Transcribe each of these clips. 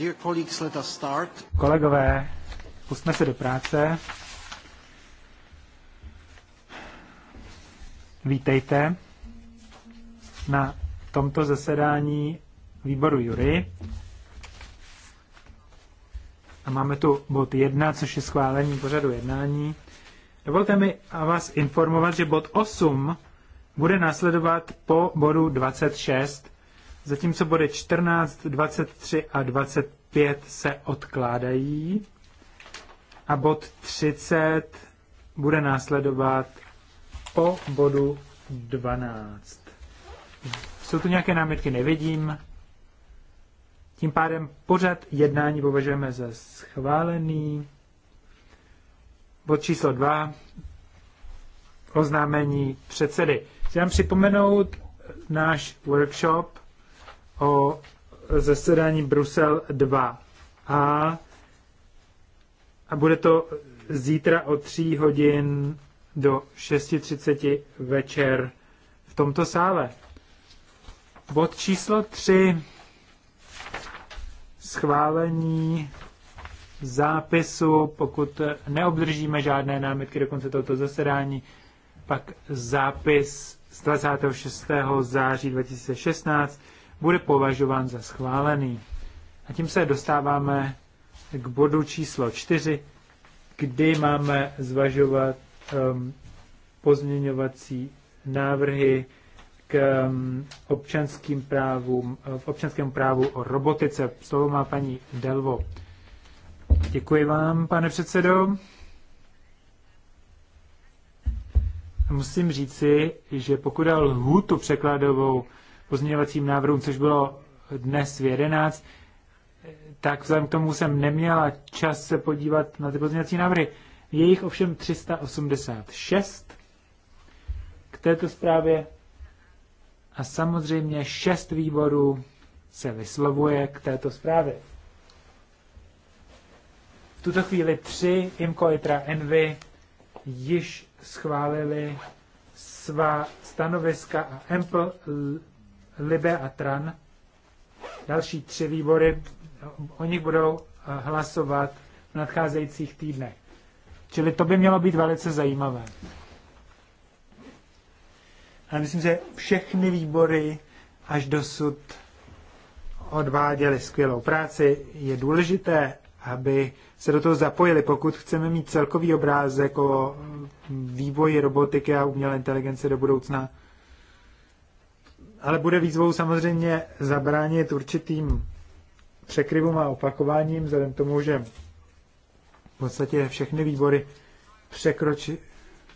Dear colleagues, let us start. Kolegové, pustme se do práce. Vítejte na tomto zasedání výboru Jury. A máme tu bod 1, což je schválení pořadu jednání. Dovolte mi a vás informovat, že bod 8 bude následovat po bodu 26 Zatímco body 14, 23 a 25 se odkládají a bod 30 bude následovat po bodu 12. Jsou tu nějaké námitky? Nevidím. Tím pádem pořad jednání považujeme za schválený. Bod číslo 2. Oznámení předsedy. Chci vám připomenout náš workshop o zasedání Brusel 2a a bude to zítra o 3 hodin do 6.30 večer v tomto sále. Bod číslo 3. Schválení zápisu, pokud neobdržíme žádné námitky do konce tohoto zasedání, pak zápis z 26. září 2016 bude považován za schválený. A tím se dostáváme k bodu číslo čtyři, kdy máme zvažovat um, pozměňovací návrhy k um, občanským právům, v občanskému právu o robotice. Slovo má paní Delvo. Děkuji vám, pane předsedo. Musím říci, že pokud dal hůtu překladovou pozměňovacím návrhům, což bylo dnes v 11, tak vzhledem k tomu jsem neměla čas se podívat na ty pozměňovací návrhy. Je jich ovšem 386 k této zprávě a samozřejmě šest výborů se vyslovuje k této zprávě. V tuto chvíli tři IMCO ITRA ENVY již schválili svá stanoviska a EMPL Libe a Tran. Další tři výbory, o nich budou eh, hlasovat v nadcházejících týdnech. Čili to by mělo být velice zajímavé. A myslím, že všechny výbory až dosud odváděli skvělou práci. Je důležité, aby se do toho zapojili, pokud chceme mít celkový obrázek o mm, vývoji robotiky a umělé inteligence do budoucna ale bude výzvou samozřejmě zabránit určitým překryvům a opakováním, vzhledem tomu, že v podstatě všechny výbory překroč,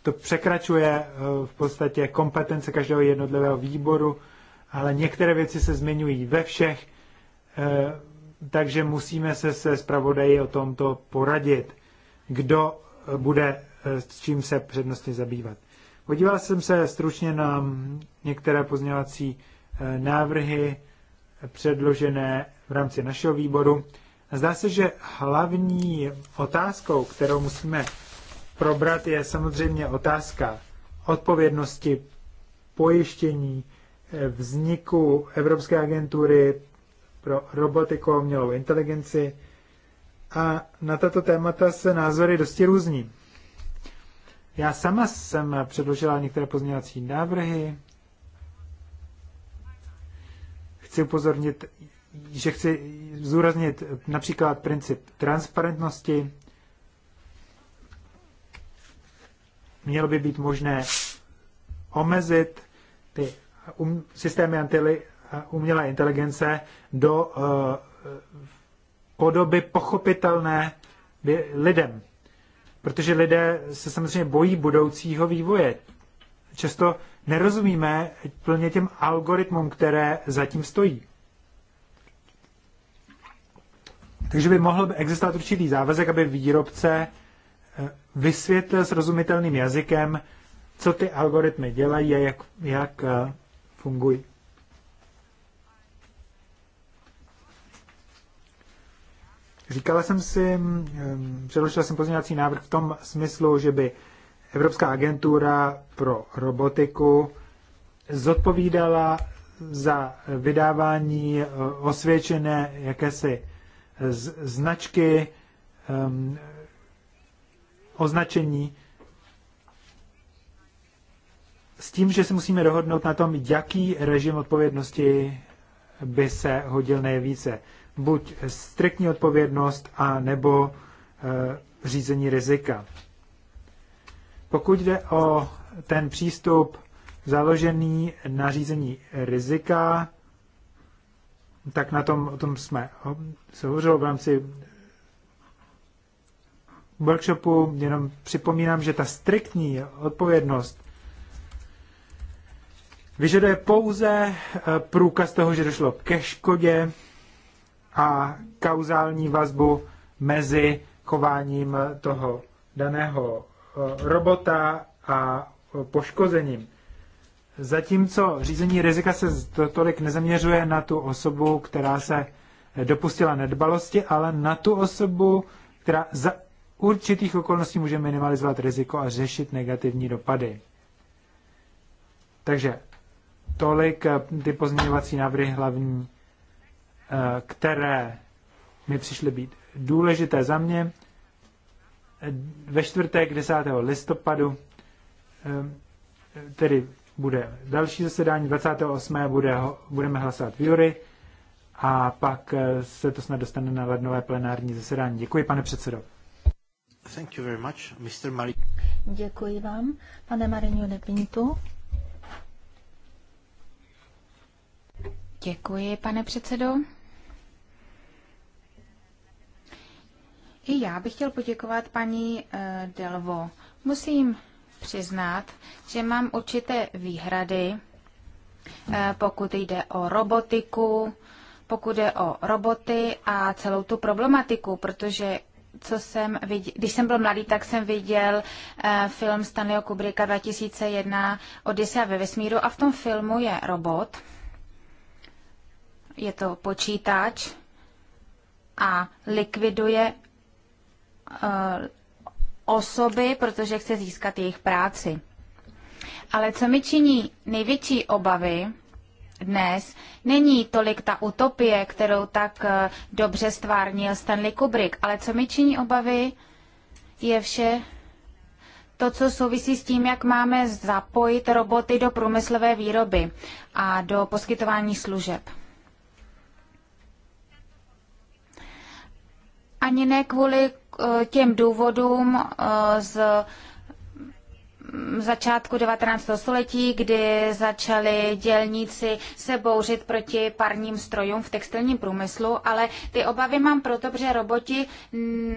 to překračuje eh, v podstatě kompetence každého jednotlivého výboru, ale některé věci se zmiňují ve všech, eh, takže musíme se se zpravodaji o tomto poradit, kdo eh, bude s čím se přednostně zabývat. Podíval jsem se stručně na některé pozměňovací eh, návrhy předložené v rámci našeho výboru. Zdá se, že hlavní otázkou, kterou musíme probrat, je samozřejmě otázka odpovědnosti, pojištění, eh, vzniku Evropské agentury pro robotiku a umělou inteligenci. A na tato témata se názory dosti různí. Já sama jsem předložila některé pozměňovací návrhy. Chci upozornit, že chci zúraznit například princip transparentnosti. Mělo by být možné omezit ty um, systémy antily, umělé inteligence do uh, podoby pochopitelné lidem protože lidé se samozřejmě bojí budoucího vývoje. Často nerozumíme plně těm algoritmům, které zatím stojí. Takže by mohl existovat určitý závazek, aby výrobce eh, vysvětlil srozumitelným jazykem, co ty algoritmy dělají a jak, jak eh, fungují. Říkala jsem si, mm, mm, předložila jsem pozměňovací návrh v tom smyslu, že by Evropská agentura pro robotiku zodpovídala za vydávání eh, osvědčené jakési eh, značky, ehm, označení, s tím, že se musíme dohodnout na tom, jaký režim odpovědnosti by se hodil nejvíce buď striktní odpovědnost a nebo e, eh, řízení rizika. Pokud jde o ten přístup založený na řízení rizika, tak na tom, o tom jsme se hovořilo v rámci workshopu, jenom připomínám, že ta striktní odpovědnost vyžaduje pouze eh, průkaz toho, že došlo ke škodě a kauzální vazbu mezi chováním toho daného eh, robota a eh, poškozením. Zatímco řízení rizika se tolik nezaměřuje na tu osobu, která se dopustila nedbalosti, ale na tu osobu, která za určitých okolností může minimalizovat riziko a řešit negativní dopady. Takže tolik eh, ty pozměňovací návrhy hlavní Eh, které mi přišly být důležité za mě. Ve čtvrtek 10. listopadu eh, tedy bude další zasedání, 28. Bude, budeme hlasovat v Jury a pak eh, se to snad dostane na lednové plenární zasedání. Děkuji, pane předsedo. Thank you very much, Mr. Mari. Děkuji vám, pane de Pinto. Děkuji, pane předsedo. I já bych chtěl poděkovat paní eh, Delvo. Musím přiznat, že mám určité výhrady, eh, pokud jde o robotiku, pokud jde o roboty a celou tu problematiku, protože co jsem viděl, když jsem byl mladý, tak jsem viděl eh, film Stanleyho Kubricka 2001 Odyssea ve vesmíru a v tom filmu je robot, je to počítač a likviduje Eh, osoby, protože chce získat jejich práci. Ale co mi činí největší obavy dnes, není tolik ta utopie, kterou tak eh, dobře stvárnil Stanley Kubrick, ale co mi činí obavy, je vše to, co souvisí s tím, jak máme zapojit roboty do průmyslové výroby a do poskytování služeb. Ani ne kvůli Eh, těm důvodům eh, z začátku 19. století, kdy začali dělníci se bouřit proti parním strojům v textilním průmyslu, ale ty obavy mám proto, že roboti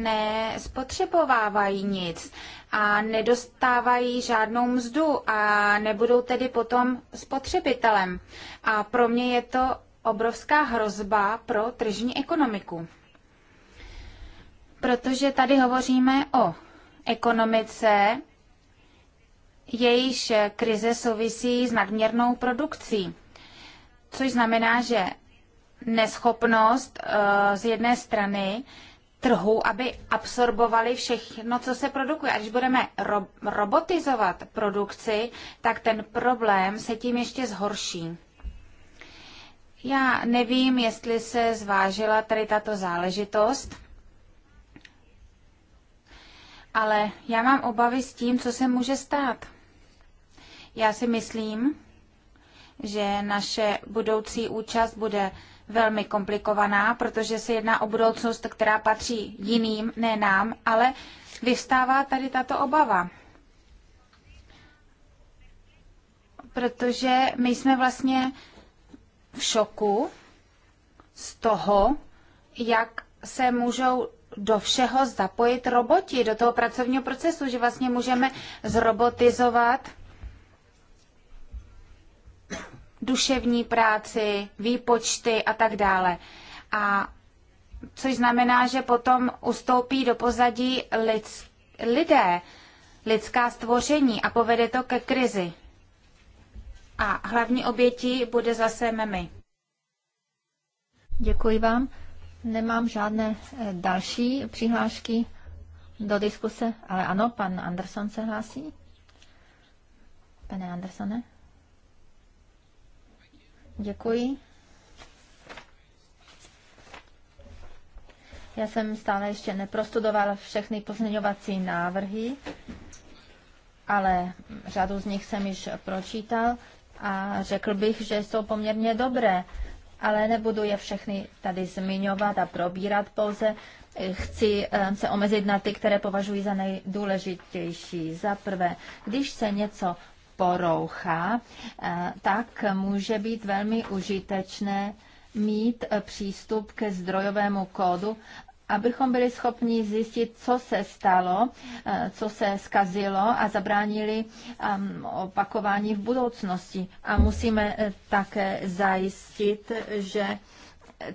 nespotřebovávají nic a nedostávají žádnou mzdu a nebudou tedy potom spotřebitelem. A pro mě je to obrovská hrozba pro tržní ekonomiku protože tady hovoříme o ekonomice, jejíž krize souvisí s nadměrnou produkcí, což znamená, že neschopnost eh, z jedné strany trhu, aby absorbovali všechno, co se produkuje. A když budeme ro- robotizovat produkci, tak ten problém se tím ještě zhorší. Já nevím, jestli se zvážila tady tato záležitost ale já mám obavy s tím, co se může stát. Já si myslím, že naše budoucí účast bude velmi komplikovaná, protože se jedná o budoucnost, která patří jiným, ne nám, ale vystává tady tato obava. Protože my jsme vlastně v šoku z toho, jak se můžou do všeho zapojit roboti, do toho pracovního procesu, že vlastně můžeme zrobotizovat duševní práci, výpočty a tak dále. A což znamená, že potom ustoupí do pozadí lid, lidé, lidská stvoření a povede to ke krizi. A hlavní obětí bude zase memy. Děkuji vám. Nemám žádné eh, další přihlášky do diskuse, ale ano, pan Anderson se hlásí. Pane Andersone. Děkuji. Já jsem stále ještě neprostudoval všechny pozměňovací návrhy, ale řadu z nich jsem již pročítal a řekl bych, že jsou poměrně dobré ale nebudu je všechny tady zmiňovat a probírat, pouze eh, chci eh, se omezit na ty, které považuji za nejdůležitější. Za prvé, když se něco porouchá, eh, tak může být velmi užitečné mít přístup ke zdrojovému kódu abychom byli schopni zjistit, co se stalo, eh, co se skazilo a zabránili ehm, opakování v budoucnosti. A musíme eh, také zajistit, že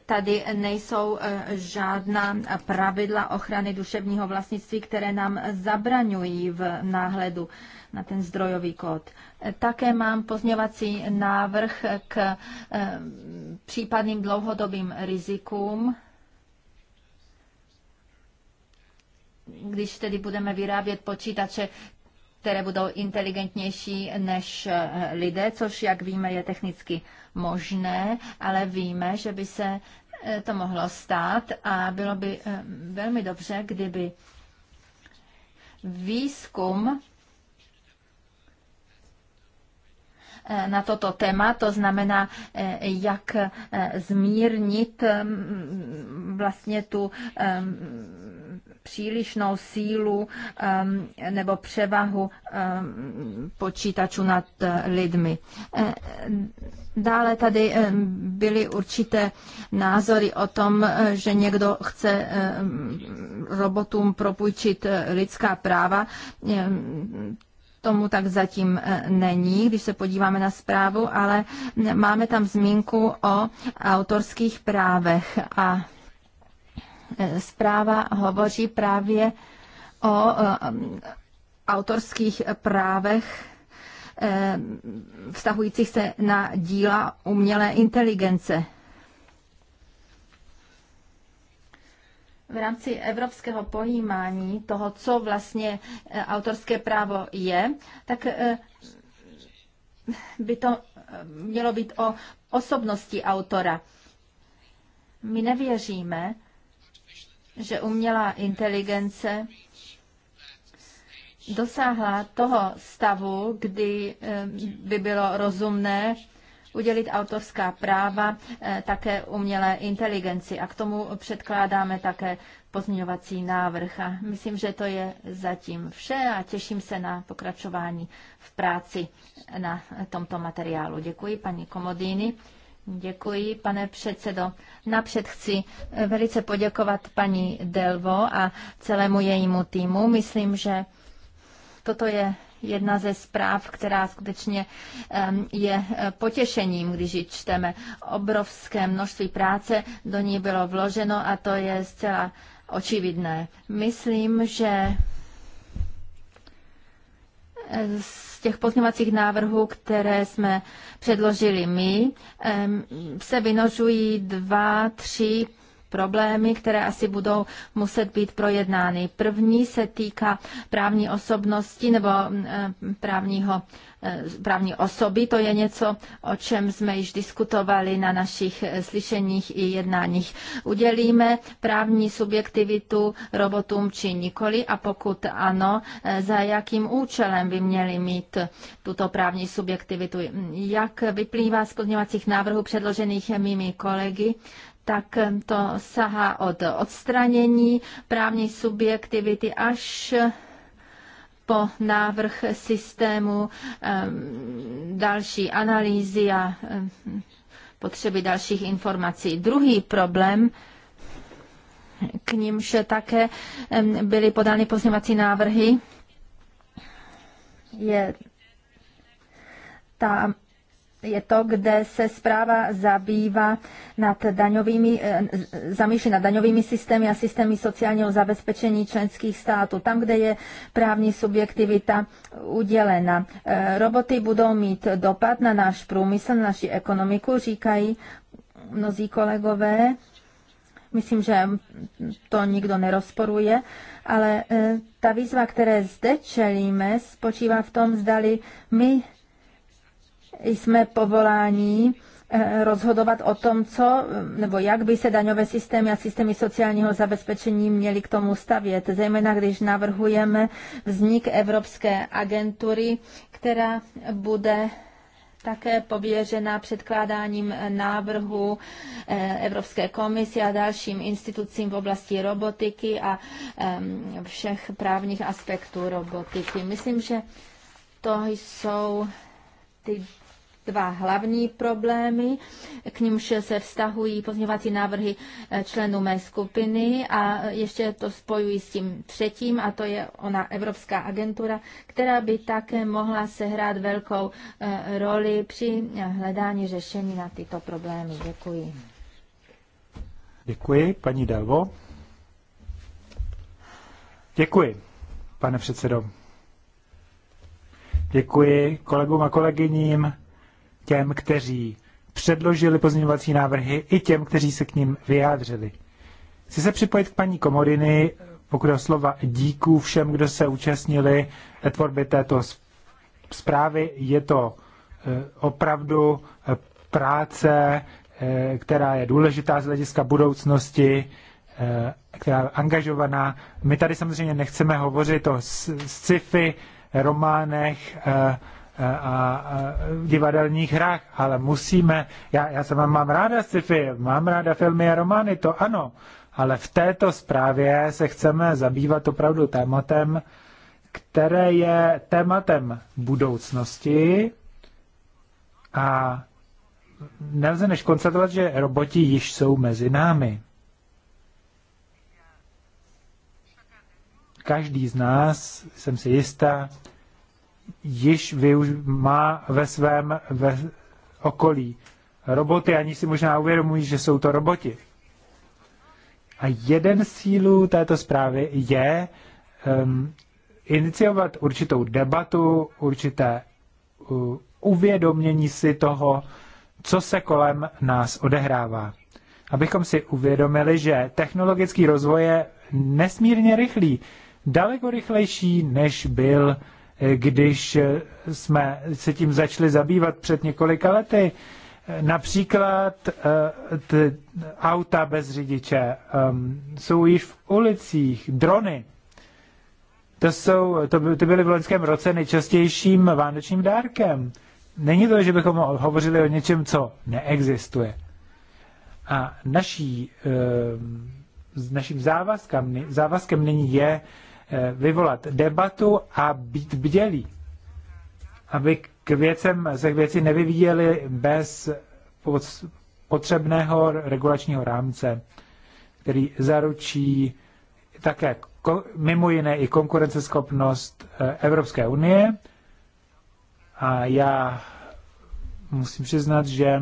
tady nejsou eh, žádná pravidla ochrany duševního vlastnictví, které nám zabraňují v náhledu na ten zdrojový kód. Také mám pozměvací návrh k ehm, případným dlouhodobým rizikům když tedy budeme vyrábět počítače, které budou inteligentnější než eh, lidé, což, jak víme, je technicky možné, ale víme, že by se eh, to mohlo stát a bylo by eh, velmi dobře, kdyby výzkum na toto téma, to znamená, jak zmírnit mm, vlastně tu přílišnou sílu nebo převahu počítačů nad eh, lidmi. Eh, dále tady byly určité názory o tom, eh, že někdo chce robotům propůjčit lidská práva tomu tak zatím není, když se podíváme na zprávu, ale máme tam zmínku o autorských právech a Eh, zpráva hovoří právě o eh, autorských právech eh, vztahujících se na díla umělé inteligence. v rámci evropského pojímání toho, co vlastně autorské právo je, tak by to mělo být o osobnosti autora. My nevěříme, že umělá inteligence dosáhla toho stavu, kdy eh, by bylo rozumné udělit autorská práva eh, také umělé inteligenci. A k tomu předkládáme také pozměňovací návrh. A myslím, že to je zatím vše a těším se na pokračování v práci na tomto materiálu. Děkuji paní Komodýny. Děkuji, pane předsedo. Napřed chci eh, velice poděkovat paní Delvo a celému jejímu týmu. Myslím, že toto je jedna ze zpráv, která skutečně je eh, potěšením, když ji čteme. Obrovské množství práce do ní bylo vloženo a to je zcela očividné. Myslím, že eh, těch pozměňovacích návrhů, které jsme předložili my, se vynožují dva, tři problémy, které asi budou muset být projednány. První se týká právní osobnosti nebo mm, eh, právního eh, právní osoby. To je něco, o čem jsme již diskutovali na našich eh, slyšeních i jednáních. Udělíme právní subjektivitu robotům či nikoli a pokud ano, za jakým účelem by měli mít tuto právní subjektivitu. Jak vyplývá z pozměňovacích návrhů předložených mými kolegy, tak to sahá od odstranění právní subjektivity až po návrh systému další analýzy a potřeby dalších informací. Druhý problém, k nímž také byly podány pozměňovací návrhy, je ta je to, kde se zpráva zabývá nad daňovými, eh, zamýšlí nad daňovými systémy a systémy sociálního zabezpečení členských států, tam, kde je právní subjektivita udělena. Eh, roboty budou mít dopad na náš průmysl, na naši ekonomiku, říkají mnozí kolegové. Myslím, že to nikdo nerozporuje, ale eh, ta výzva, které zde čelíme, spočívá v tom, zdali my jsme povoláni eh, rozhodovat o tom, co nebo jak by se daňové systémy a systémy sociálního zabezpečení měly k tomu stavět, zejména když navrhujeme vznik Evropské agentury, která bude také pověřena předkládáním návrhu eh, Evropské komisi a dalším institucím v oblasti robotiky a všech právních aspektů robotiky. Myslím, že to jsou ty dva hlavní problémy, k nímž se vztahují pozměňovací návrhy eh, členů mé skupiny a eh, ještě to spojuji s tím třetím, a to je ona Evropská agentura, která by také mohla sehrát velkou eh, roli při hledání řešení na tyto problémy. Děkuji. Děkuji, paní Dalvo. Děkuji, pane předsedo. Děkuji kolegům a kolegyním těm, kteří předložili pozměňovací návrhy, i těm, kteří se k ním vyjádřili. Chci se připojit k paní Komoriny, pokud o slova díků všem, kdo se účastnili tvorby této zprávy. Je to eh, opravdu eh, práce, eh, která je důležitá z hlediska budoucnosti, která je angažovaná. My tady samozřejmě nechceme hovořit o sci-fi románech, a divadelních hrách, ale musíme, já, já mám, mám ráda sci-fi, mám ráda filmy a romány, to ano, ale v této zprávě se chceme zabývat opravdu tématem, které je tématem budoucnosti a nelze než konstatovat, že roboti již jsou mezi námi. Každý z nás, jsem si jistá, již využ- má ve svém ve okolí roboty, ani si možná uvědomují, že jsou to roboti. A jeden z cílů této zprávy je um, iniciovat určitou debatu, určité uh, uvědomění si toho, co se kolem nás odehrává. Abychom si uvědomili, že technologický rozvoj je nesmírně rychlý, daleko rychlejší, než byl uh, když eh, jsme se tím začali zabývat před několika lety. Například eh, t, auta bez řidiče ehm, jsou již v ulicích, drony. To, jsou, to, to byly v loňském roce nejčastějším vánočním dárkem. Není to, že bychom hovořili o něčem, co neexistuje. A naší, ehm, naším závazkem, závazkem nyní je Eh, vyvolat debatu a být bdělí, aby k věcem se k věci nevyvíjeli bez potřebného regulačního rámce, který zaručí také mimo jiné i konkurenceschopnost eh, Evropské unie. A já musím přiznat, že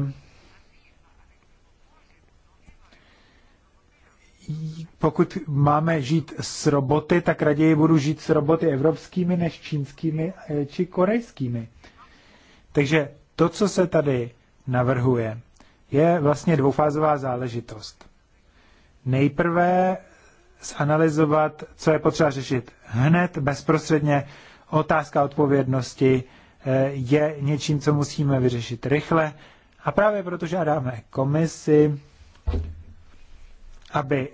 pokud máme žít s roboty, tak raději budu žít s roboty evropskými než čínskými eh, či korejskými. Takže to, co se tady navrhuje, je vlastně dvoufázová záležitost. Nejprve zanalizovat, co je potřeba řešit hned, bezprostředně. Otázka odpovědnosti eh, je něčím, co musíme vyřešit rychle. A právě protože dáme komisi, aby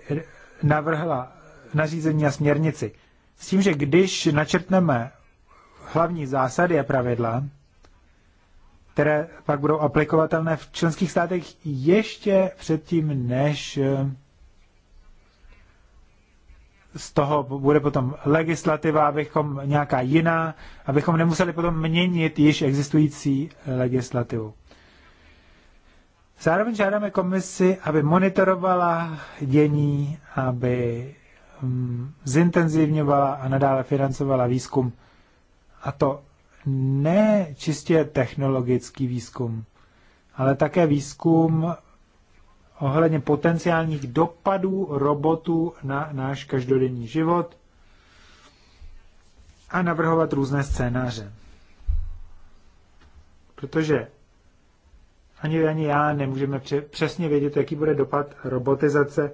navrhla nařízení a směrnici. S tím, že když načrtneme hlavní zásady a pravidla, které pak budou aplikovatelné v členských státech ještě předtím, než eh, z toho bude potom legislativa, abychom nějaká jiná, abychom nemuseli potom měnit již existující legislativu. Zároveň žádáme komisi, aby monitorovala dění, aby mm, zintenzivňovala a nadále financovala výzkum. A to ne čistě technologický výzkum, ale také výzkum ohledně potenciálních dopadů robotů na náš každodenní život a navrhovat různé scénáře. Protože ani, ani já nemůžeme přesně vědět, jaký bude dopad robotizace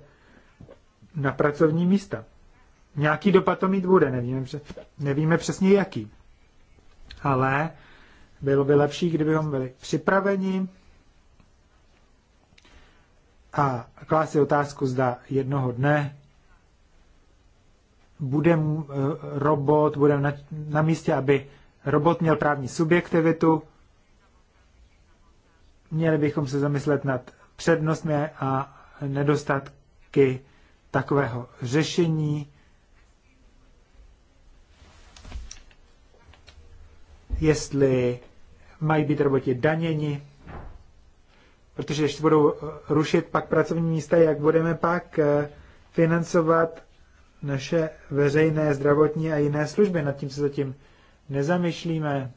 na pracovní místa. Nějaký dopad to mít bude, nevíme, nevíme přesně jaký. Ale bylo by lepší, kdybychom byli připraveni a klást otázku, zda jednoho dne bude eh, robot, bude na, na místě, aby robot měl právní subjektivitu, měli bychom se zamyslet nad přednostmi a nedostatky takového řešení. Jestli mají být roboti daněni, protože ještě budou eh, rušit pak pracovní místa, jak budeme pak eh, financovat naše veřejné zdravotní a jiné služby. Nad tím se zatím nezamyšlíme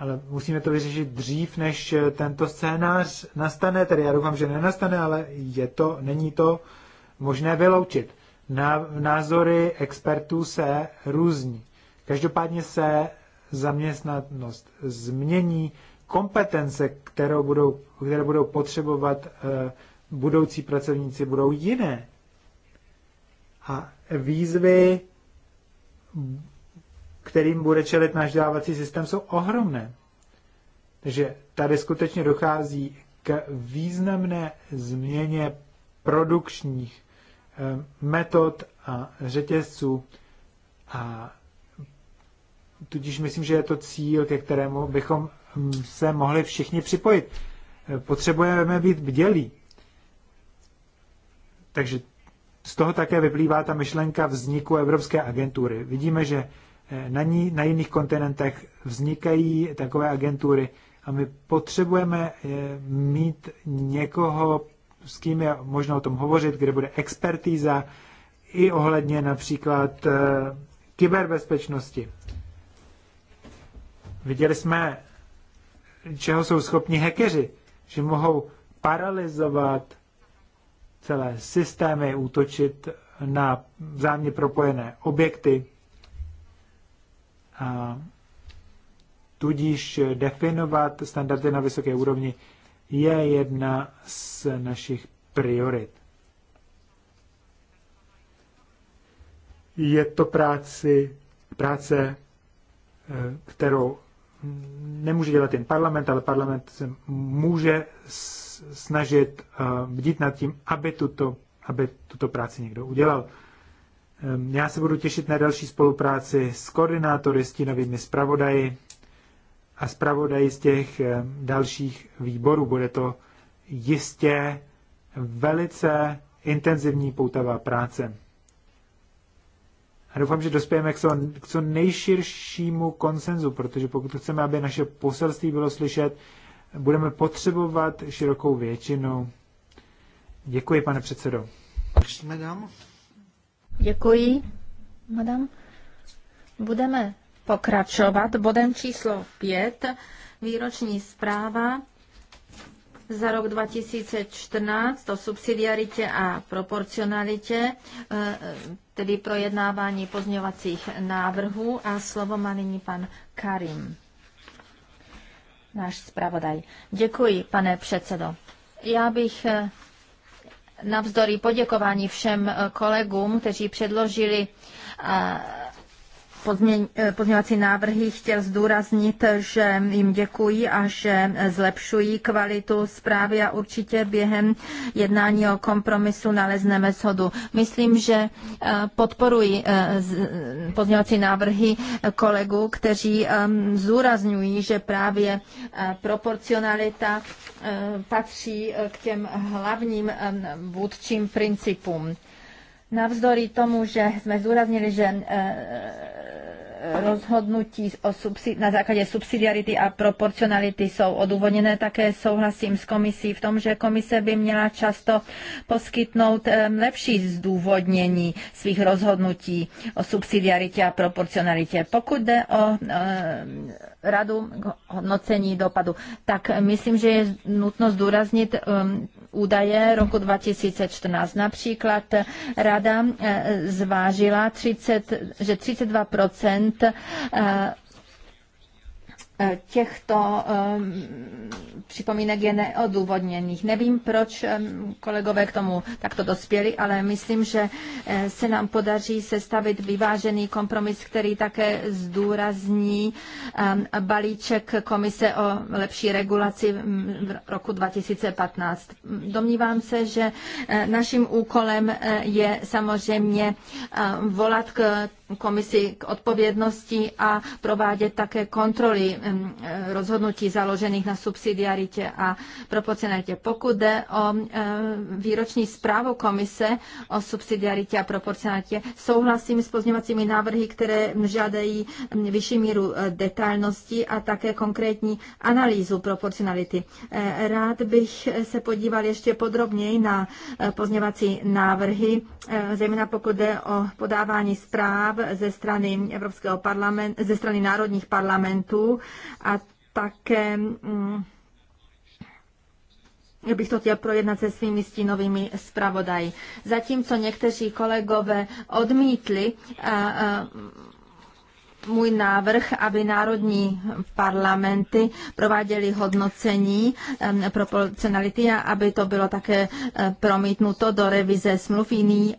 ale musíme to vyřešit dřív, než eh, tento scénář nastane, tedy já doufám, že nenastane, ale je to, není to možné vyloučit. Názory expertů se různí. Každopádně se zaměstnanost změní, kompetence, kterou budou, které budou potřebovat eh, budoucí pracovníci, budou jiné. A výzvy kterým bude čelit náš dávací systém, jsou ohromné. Takže tady skutečně dochází k významné změně produkčních eh, metod a řetězců a tudíž myslím, že je to cíl, ke kterému bychom hm, se mohli všichni připojit. Eh, potřebujeme být bdělí. Takže z toho také vyplývá ta myšlenka vzniku Evropské agentury. Vidíme, že na, ní, na jiných kontinentech vznikají takové agentury a my potřebujeme eh, mít někoho, s kým je možno o tom hovořit, kde bude expertíza i ohledně například eh, kyberbezpečnosti. Viděli jsme, čeho jsou schopni hekeři, že mohou paralizovat celé systémy, útočit na vzájemně propojené objekty, a tudíž definovat standardy na vysoké úrovni je jedna z našich priorit. Je to práci, práce, eh, kterou nemůže dělat jen parlament, ale parlament se může snažit eh, bdít nad tím, aby tuto, aby tuto práci někdo udělal. Já se budu těšit na další spolupráci s koordinátory, s novými zpravodaji a zpravodaji z těch dalších výborů. Bude to jistě velice intenzivní poutavá práce. A doufám, že dospějeme k co, nejširšímu konsenzu, protože pokud chceme, aby naše poselství bylo slyšet, budeme potřebovat širokou většinu. Děkuji, pane předsedo. Madame. Děkuji, madam. Budeme pokračovat bodem číslo 5, výroční zpráva za rok 2014 o subsidiaritě a proporcionalitě, eh, tedy projednávání pozměňovacích návrhů a slovo má nyní pan Karim, náš zpravodaj. Děkuji, pane předsedo. Já bych eh, navzdory poděkování všem eh, kolegům, kteří předložili eh, Eh, pozměňovací návrhy chtěl zdůraznit, že jim děkuji a že zlepšují kvalitu zprávy a určitě během jednání o kompromisu nalezneme shodu. Myslím, že eh, podporuji eh, pozměňovací návrhy kolegů, kteří ehm, zdůrazňují, že právě proporcionalita patří k těm hlavním ehm, vůdčím principům. Navzdory tomu, že jsme zúraznili, že rozhodnutí o subsid- na základě subsidiarity a proporcionality jsou odůvodněné. Také souhlasím s komisí v tom, že komise by měla často poskytnout lepší zdůvodnění svých rozhodnutí o subsidiaritě a proporcionalitě. Pokud jde o radu k hodnocení dopadu. Tak myslím, že je nutno zdůraznit um, údaje roku 2014. Například eh, rada eh, zvážila, 30, že 32 těchto um, připomínek je neodůvodněných. Nevím, proč um, kolegové k tomu takto dospěli, ale myslím, že eh, se nám podaří sestavit vyvážený kompromis, který také zdůrazní um, balíček Komise o lepší regulaci mm, v roku 2015. Domnívám se, že eh, naším úkolem eh, je samozřejmě volat k komisi k odpovědnosti a provádět také kontroly mm, eh, rozhodnutí založených na subsidiaritě a proporcionalitě. Pokud jde o eh, výroční zprávu komise o subsidiaritě a proporcionalitě, souhlasím s pozměňovacími návrhy, které žádají mm, vyšší míru eh, detailnosti a také konkrétní analýzu proporcionality. Rád bych se podíval ještě podrobněji na pozměňovací návrhy, zejména pokud jde o podávání zpráv ze strany Evropského parlamentu, ze strany národních parlamentů a také mm, bych to chtěl projednat se svými stínovými zpravodaji. Zatímco někteří kolegové odmítli můj návrh, aby národní parlamenty prováděly hodnocení proporcionality a aby to bylo také eh, promítnuto do revize smluv. Jiný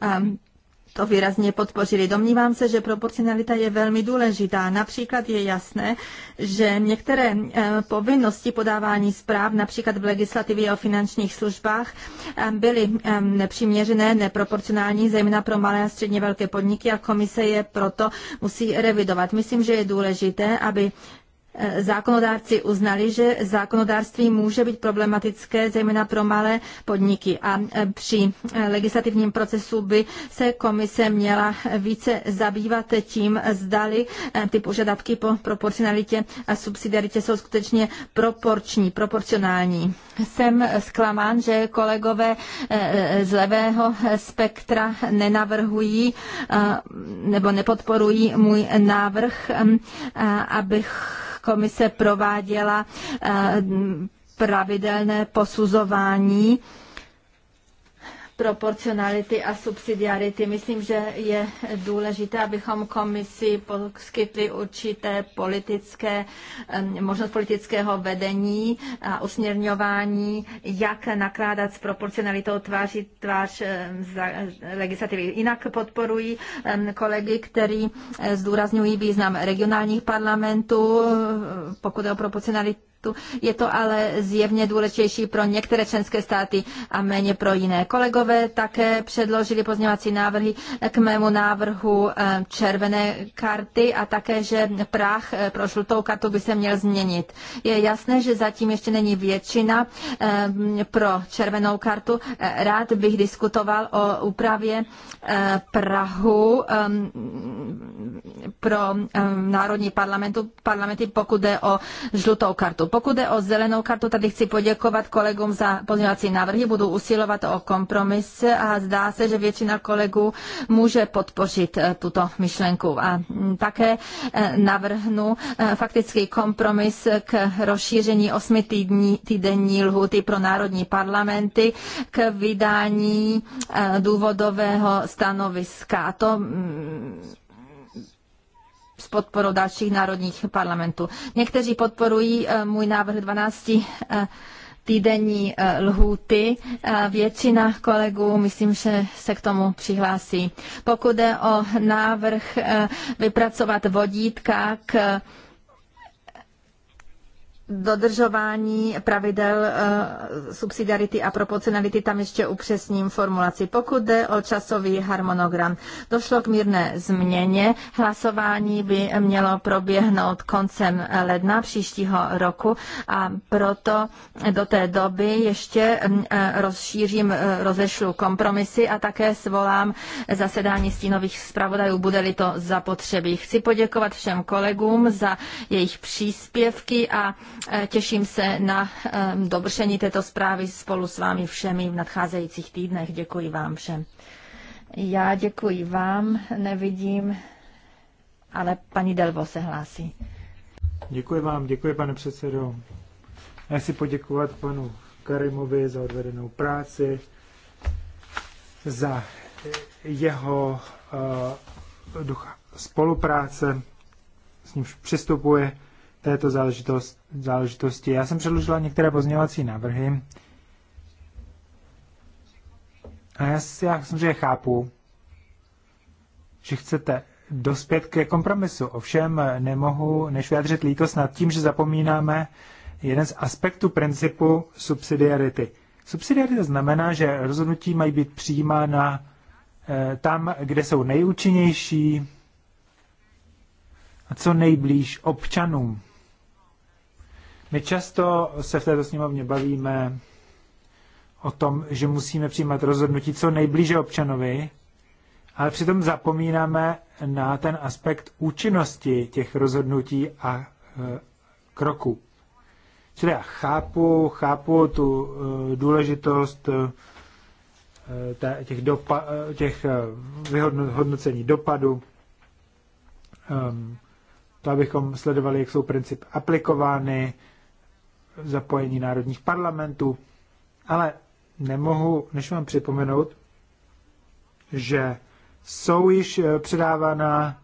to výrazně podpořili. Domnívám se, že proporcionalita je velmi důležitá. Například je jasné, že některé eh, povinnosti podávání zpráv, například v legislativě o finančních službách, eh, byly eh, nepřiměřené, neproporcionální, zejména pro malé a středně velké podniky a komise je proto musí revidovat. Myslím, že je důležité, aby Eh, zákonodárci uznali, že zákonodárství může být problematické, zejména pro malé podniky. A eh, při eh, legislativním procesu by se komise měla více zabývat tím, zdali ty požadavky po proporcionalitě a subsidiaritě jsou skutečně proporční, proporcionální. Jsem zklamán, že kolegové z levého spektra nenavrhují nebo nepodporují můj návrh, abych komise prováděla eh, pravidelné posuzování proporcionality a subsidiarity. Myslím, že je důležité, abychom komisi poskytli určité politické, možnost politického vedení a usměrňování, jak nakládat s proporcionalitou tváří tvář legislativy. Jinak podporuji kolegy, kteří eh, zdůrazňují význam regionálních parlamentů, eh, pokud je o proporcionalitu paktu. Je to ale zjevně důležitější pro některé členské státy a méně pro jiné. Kolegové také předložili pozměňovací návrhy k mému návrhu eh, červené karty a také, že práh eh, pro žlutou kartu by se měl změnit. Je jasné, že zatím ještě není většina eh, pro červenou kartu. Rád bych diskutoval o úpravě Prahu pro národní parlamentu, parlamenty, pokud jde o žlutou kartu. Pokud jde o zelenou kartu, tady chci poděkovat kolegům za pozměňovací návrhy, budu usilovat o kompromis a zdá se, že většina kolegů může podpořit eh, tuto myšlenku. A mm, také eh, navrhnu eh, faktický kompromis k rozšíření osmi týdní, týdenní lhuty pro národní parlamenty k vydání důvodového stanoviska. A to mm, s podporou dalších národních parlamentů. Někteří podporují eh, můj návrh 12 eh, týdenní eh, lhůty. Většina kolegů, myslím, že se k tomu přihlásí. Pokud jde o návrh vypracovat vodítka k dodržování pravidel eh, subsidiarity a proporcionality, tam ještě upřesním formulaci. Pokud jde o časový harmonogram, došlo k mírné změně. Hlasování by mělo proběhnout koncem ledna příštího roku a proto do té doby ještě mm, eh, rozšířím, eh, rozešlu kompromisy a také svolám zasedání stínových zpravodajů, bude-li to zapotřebí. Chci poděkovat všem kolegům za jejich příspěvky a Eh, těším se na ehm, dovršení této zprávy spolu s vámi všemi v nadcházejících týdnech. Děkuji vám všem. Já děkuji vám, nevidím, ale paní Delvo se hlásí. Děkuji vám, děkuji pane předsedo. Já chci poděkovat panu Karimovi za odvedenou práci, za jeho uh, eh, ducha spolupráce, s nímž přistupuje této záležitost, záležitosti. Já jsem předložila některé pozměňovací návrhy a já, si, já samozřejmě chápu, že chcete dospět ke kompromisu. Ovšem nemohu než vyjadřit lítost nad tím, že zapomínáme jeden z aspektů principu subsidiarity. Subsidiarita znamená, že rozhodnutí mají být přijímána eh, tam, kde jsou nejúčinnější a co nejblíž občanům. My často se v této sněmovně bavíme o tom, že musíme přijímat rozhodnutí co nejblíže občanovi, ale přitom zapomínáme na ten aspekt účinnosti těch rozhodnutí a e, kroků. Čili já chápu, chápu tu e, důležitost e, těch, dopa, e, těch e, vyhodnocení dopadu, e, to abychom sledovali, jak jsou principy aplikovány, e, zapojení národních parlamentů, ale nemohu než vám připomenout, že jsou již eh, předávána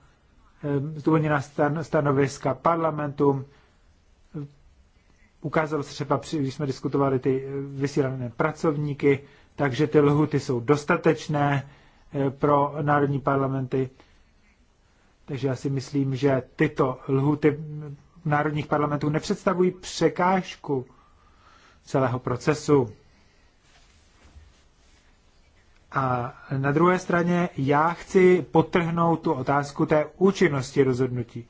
eh, zdůvodněná stanoviska parlamentům. Ukázalo se třeba, když jsme diskutovali ty eh, vysílané pracovníky, takže ty lhuty jsou dostatečné pro národní parlamenty. Takže já si myslím, že tyto lhuty národních parlamentů nepředstavují překážku celého procesu. A na druhé straně já chci potrhnout tu otázku té účinnosti rozhodnutí.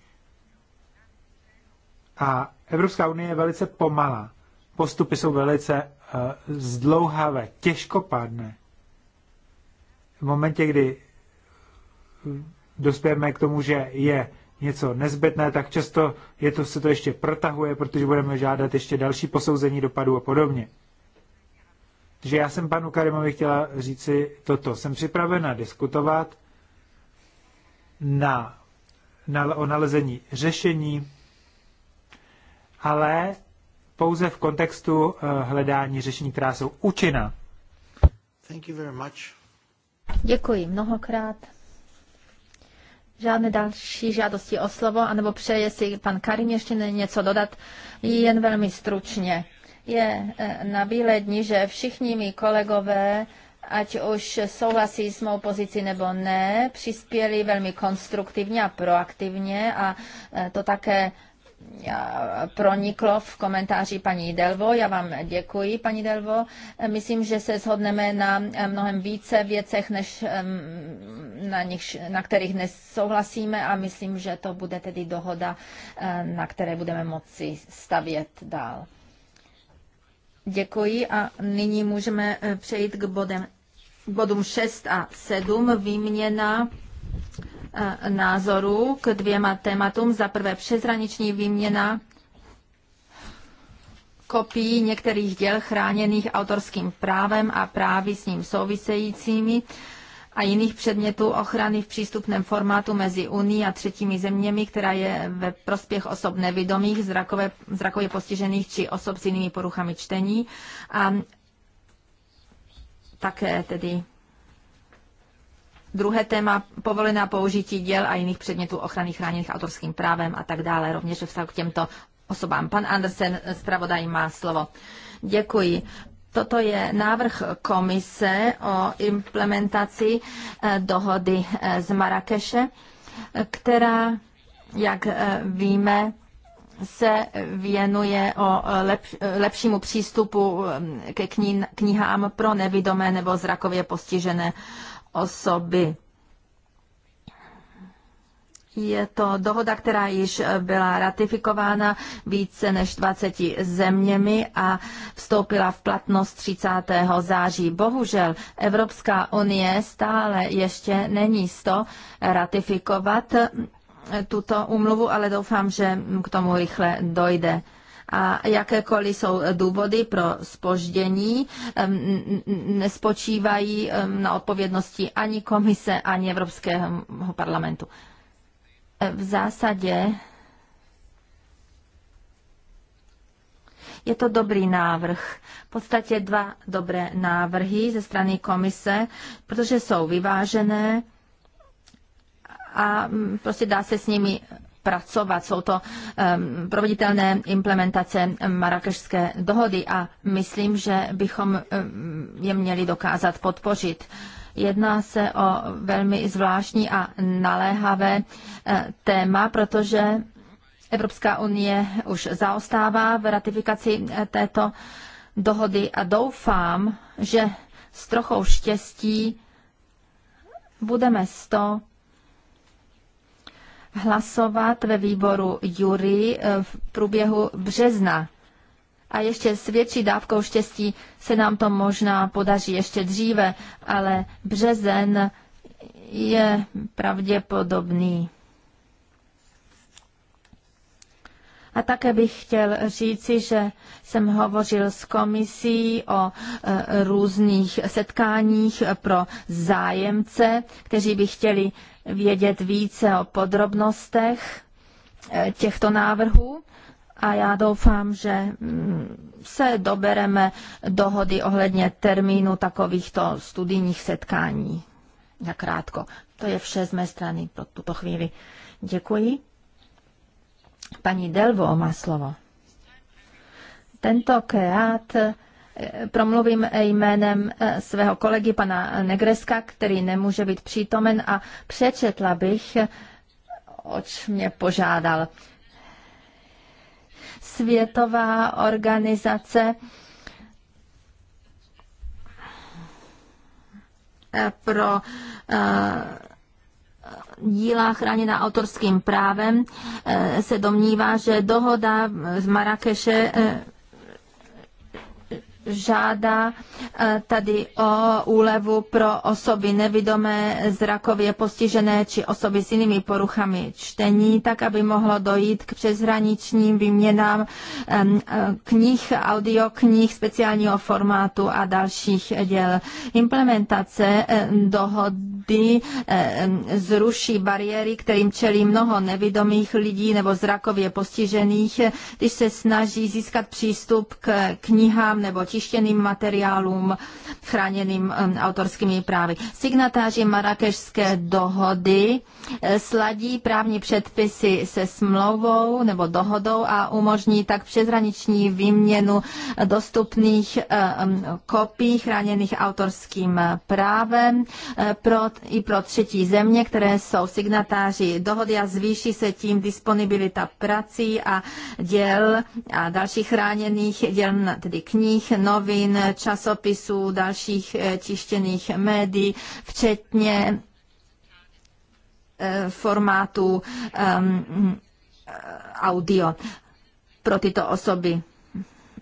A Evropská unie je velice pomalá. Postupy jsou velice uh, zdlouhavé, těžkopádné. V momentě, kdy dospějeme k tomu, že je něco nezbytné, tak často je to, se to ještě protahuje, protože budeme žádat ještě další posouzení dopadů a podobně. Takže já jsem panu Karimovi chtěla říci toto. Jsem připravena diskutovat na, na, o nalezení řešení, ale pouze v kontextu eh, hledání řešení, která jsou účinná. Děkuji mnohokrát žádné další žádosti o slovo, anebo přeje si pan Karim ještě něco dodat, jen velmi stručně. Je eh, na bílé dni, že všichni mi kolegové, ať už souhlasí s mou pozicí nebo ne, přispěli velmi konstruktivně a proaktivně a eh, to také proniklo v komentáři paní Delvo. Já vám děkuji, paní Delvo. Myslím, že se shodneme na mnohem více věcech, než na, nich, na kterých nesouhlasíme a myslím, že to bude tedy dohoda, na které budeme moci stavět dál. Děkuji a nyní můžeme eh, přejít k bodem, bodům 6 a 7. Výměna E, názorů k dvěma tématům. Za prvé přeshraniční výměna kopií některých děl chráněných autorským právem a právy s ním souvisejícími a jiných předmětů ochrany v přístupném formátu mezi Unii a třetími zeměmi, která je ve prospěch osob nevidomých, zrakové, zrakově postižených či osob s jinými poruchami čtení. A také tedy Druhé téma povolená použití děl a jiných předmětů ochrany chráněných autorským právem a tak dále, rovněž ve k těmto osobám. Pan Andersen, zpravodaj, má slovo. Děkuji. Toto je návrh komise o implementaci eh, dohody eh, z Marrakeše, která, jak eh, víme, se věnuje o lep, lepšímu přístupu ke knihám pro nevidomé nebo zrakově postižené osoby. Je to dohoda, která již byla ratifikována více než 20 zeměmi a vstoupila v platnost 30. září. Bohužel Evropská unie stále ještě není sto ratifikovat tuto úmluvu, ale doufám, že k tomu rychle dojde a jakékoliv jsou důvody pro spoždění, nespočívají na odpovědnosti ani komise, ani Evropského parlamentu. E, v zásadě je to dobrý návrh. V podstatě dva dobré návrhy ze strany komise, protože jsou vyvážené a prostě dá se s nimi pracovat. Jsou to um, proveditelné implementace marakešské dohody a myslím, že bychom um, je měli dokázat podpořit. Jedná se o velmi zvláštní a naléhavé eh, téma, protože Evropská unie už zaostává v ratifikaci eh, této dohody a doufám, že s trochou štěstí budeme s to hlasovat ve výboru Jury eh, v průběhu března. A ještě s větší dávkou štěstí se nám to možná podaří ještě dříve, ale březen je pravděpodobný. A také bych chtěl říci, že jsem hovořil s komisí o eh, různých setkáních pro zájemce, kteří by chtěli vědět více o podrobnostech eh, těchto návrhů a já doufám, že mm, se dobereme dohody ohledně termínu takovýchto studijních setkání. Nakrátko. To je vše z mé strany pro tuto chvíli. Děkuji. Paní Delvo má slovo. Tentokrát promluvím jménem eh, svého kolegy pana Negreska, který nemůže být přítomen a přečetla bych, oč mě požádal. Světová organizace eh, pro eh, díla chráněná autorským právem se domnívá, že dohoda z Marrakeše žádá eh, tady o úlevu pro osoby nevidomé, zrakově postižené či osoby s jinými poruchami čtení, tak aby mohlo dojít k přeshraničním výměnám eh, knih, audioknih speciálního formátu a dalších děl. Implementace eh, dohody zruší bariéry, kterým čelí mnoho nevidomých lidí nebo zrakově postižených, když se snaží získat přístup k knihám nebo či tištěným materiálům chráněným um, autorskými právy. Signatáři Marrakešské dohody eh, sladí právní předpisy se smlouvou nebo dohodou a umožní tak přeshraniční výměnu dostupných eh, um, kopií chráněných autorským eh, právem pro, i pro třetí země, které jsou signatáři dohody a zvýší se tím disponibilita prací a děl a dalších chráněných děl, tedy knih, novin, časopisů, dalších eh, tištěných médií, včetně eh, formátu um, audio pro tyto osoby.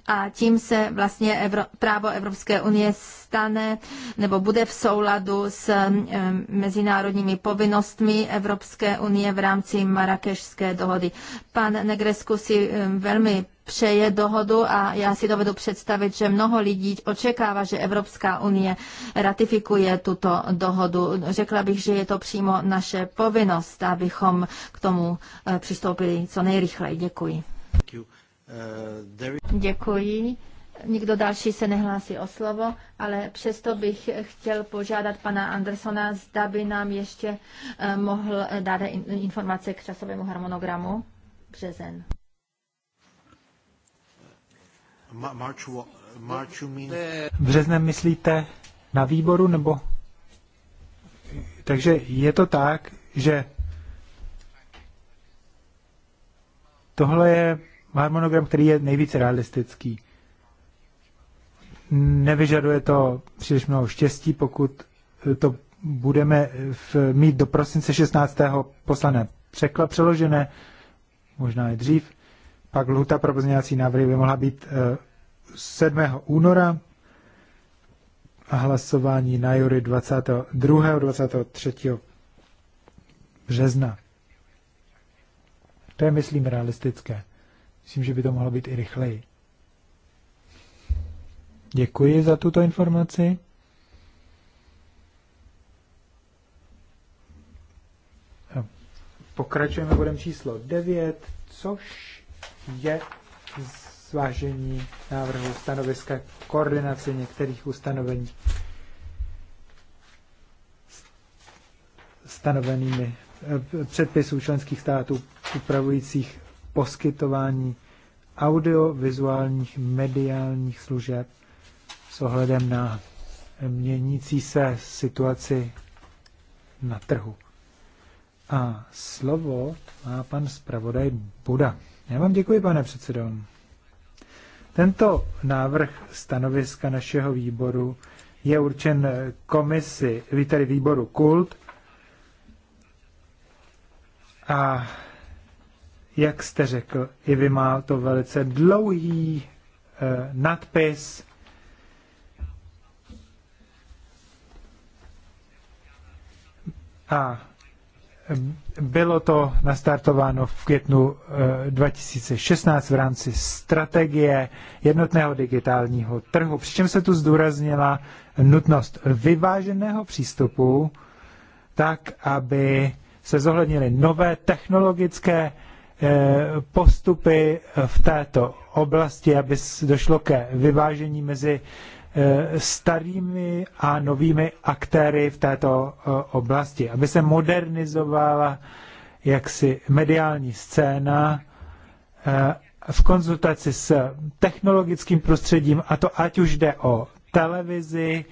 A tím se vlastně Evro- právo Evropské unie stane nebo bude v souladu s um, mezinárodními povinnostmi Evropské unie v rámci Marrakešské dohody. Pan Negresku si um, velmi přeje dohodu a já si dovedu představit, že mnoho lidí očekává, že Evropská unie ratifikuje tuto dohodu. Řekla bych, že je to přímo naše povinnost, abychom k tomu eh, přistoupili co nejrychleji. Děkuji. Uh, Děkuji. Nikdo další se nehlásí o slovo, ale přesto bych chtěl požádat pana Andersona, zda by nám ještě eh, mohl eh, dát informace k časovému harmonogramu březen. Březnem myslíte na výboru nebo? Takže je to tak, že tohle je harmonogram, který je nejvíce realistický. Nevyžaduje to příliš mnoho štěstí, pokud to budeme v, mít do prosince 16. poslané překla přeložené, možná i dřív. Pak lhuta pro pozměňovací návrhy by mohla být 7. Eh, února a hlasování na jury 22. a 23. března. To je, myslím, realistické. Myslím, že by to mohlo být i rychleji. Děkuji za tuto informaci. Pokračujeme bodem číslo 9, což je zvážení návrhu stanoviska koordinace některých ustanovení stanovenými eh, předpisů členských států upravujících poskytování audiovizuálních mediálních služeb s ohledem na měnící se situaci na trhu. A slovo má pan zpravodaj Buda. Já vám děkuji, pane předsedo. Tento návrh stanoviska našeho výboru je určen komisi, tedy výboru KULT. A jak jste řekl, i vy má to velice dlouhý eh, nadpis. A bylo to nastartováno v květnu 2016 eh, v rámci strategie jednotného digitálního trhu, přičem se tu zdůraznila nutnost vyváženého přístupu tak, aby se zohlednily nové technologické eh, postupy v této oblasti, aby došlo ke vyvážení mezi Eh, starými a novými aktéry v této eh, oblasti, aby se modernizovala jaksi mediální scéna eh, v konzultaci s technologickým prostředím, a to ať už jde o televizi,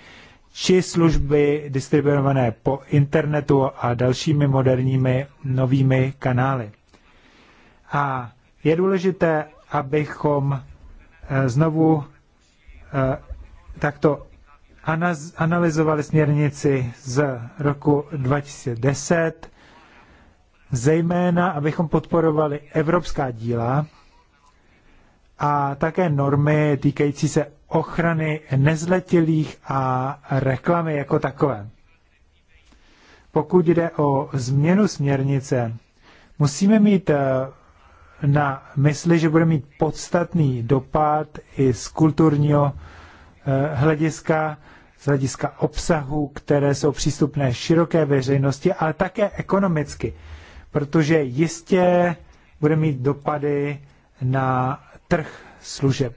či služby distribuované po internetu a dalšími moderními novými kanály. A je důležité, abychom znovu takto analyzovali směrnici z roku 2010, zejména abychom podporovali evropská díla a také normy týkající se ochrany nezletilých a reklamy jako takové. Pokud jde o změnu směrnice, musíme mít eh, na mysli, že bude mít podstatný dopad i z kulturního Eh, hlediska, z hlediska obsahu, které jsou přístupné široké veřejnosti, ale také ekonomicky, protože jistě bude mít dopady na trh služeb.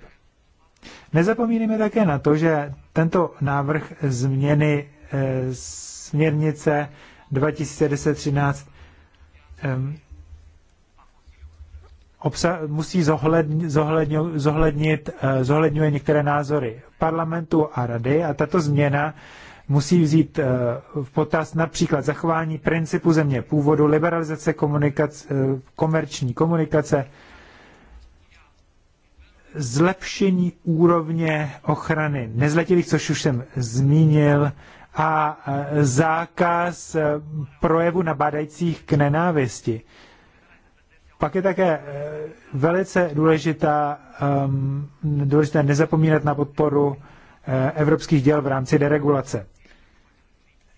Nezapomínejme také na to, že tento návrh změny e, směrnice 2013 obsa- musí zohledni- zohledni- zohlednit, eh, zohledňuje některé názory parlamentu a rady a tato změna musí vzít eh, v potaz například zachování principu země původu, liberalizace uh, komerční komunikace, zlepšení úrovně ochrany nezletilých, což už jsem zmínil, a zákaz projevu nabádajících k nenávisti. Pak je také eh, velice důležitá, ehm, důležité nezapomínat na podporu eh, evropských děl v rámci deregulace.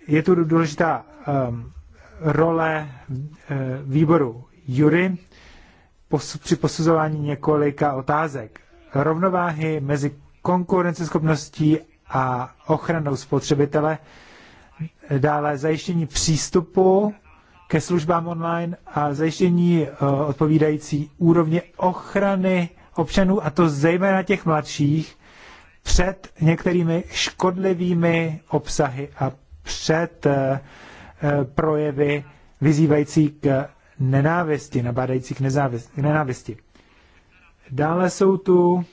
Je tu důležitá ehm, role eh, výboru Jury při posuzování několika otázek. Rovnováhy mezi konkurenceschopností a ochranou spotřebitele, dále zajištění přístupu ke službám online a zajištění eh, odpovídající úrovně ochrany občanů, a to zejména těch mladších, před některými škodlivými obsahy a před eh, eh, projevy vyzývající k nenávisti, nabádající k nenávisti. Dále jsou tu,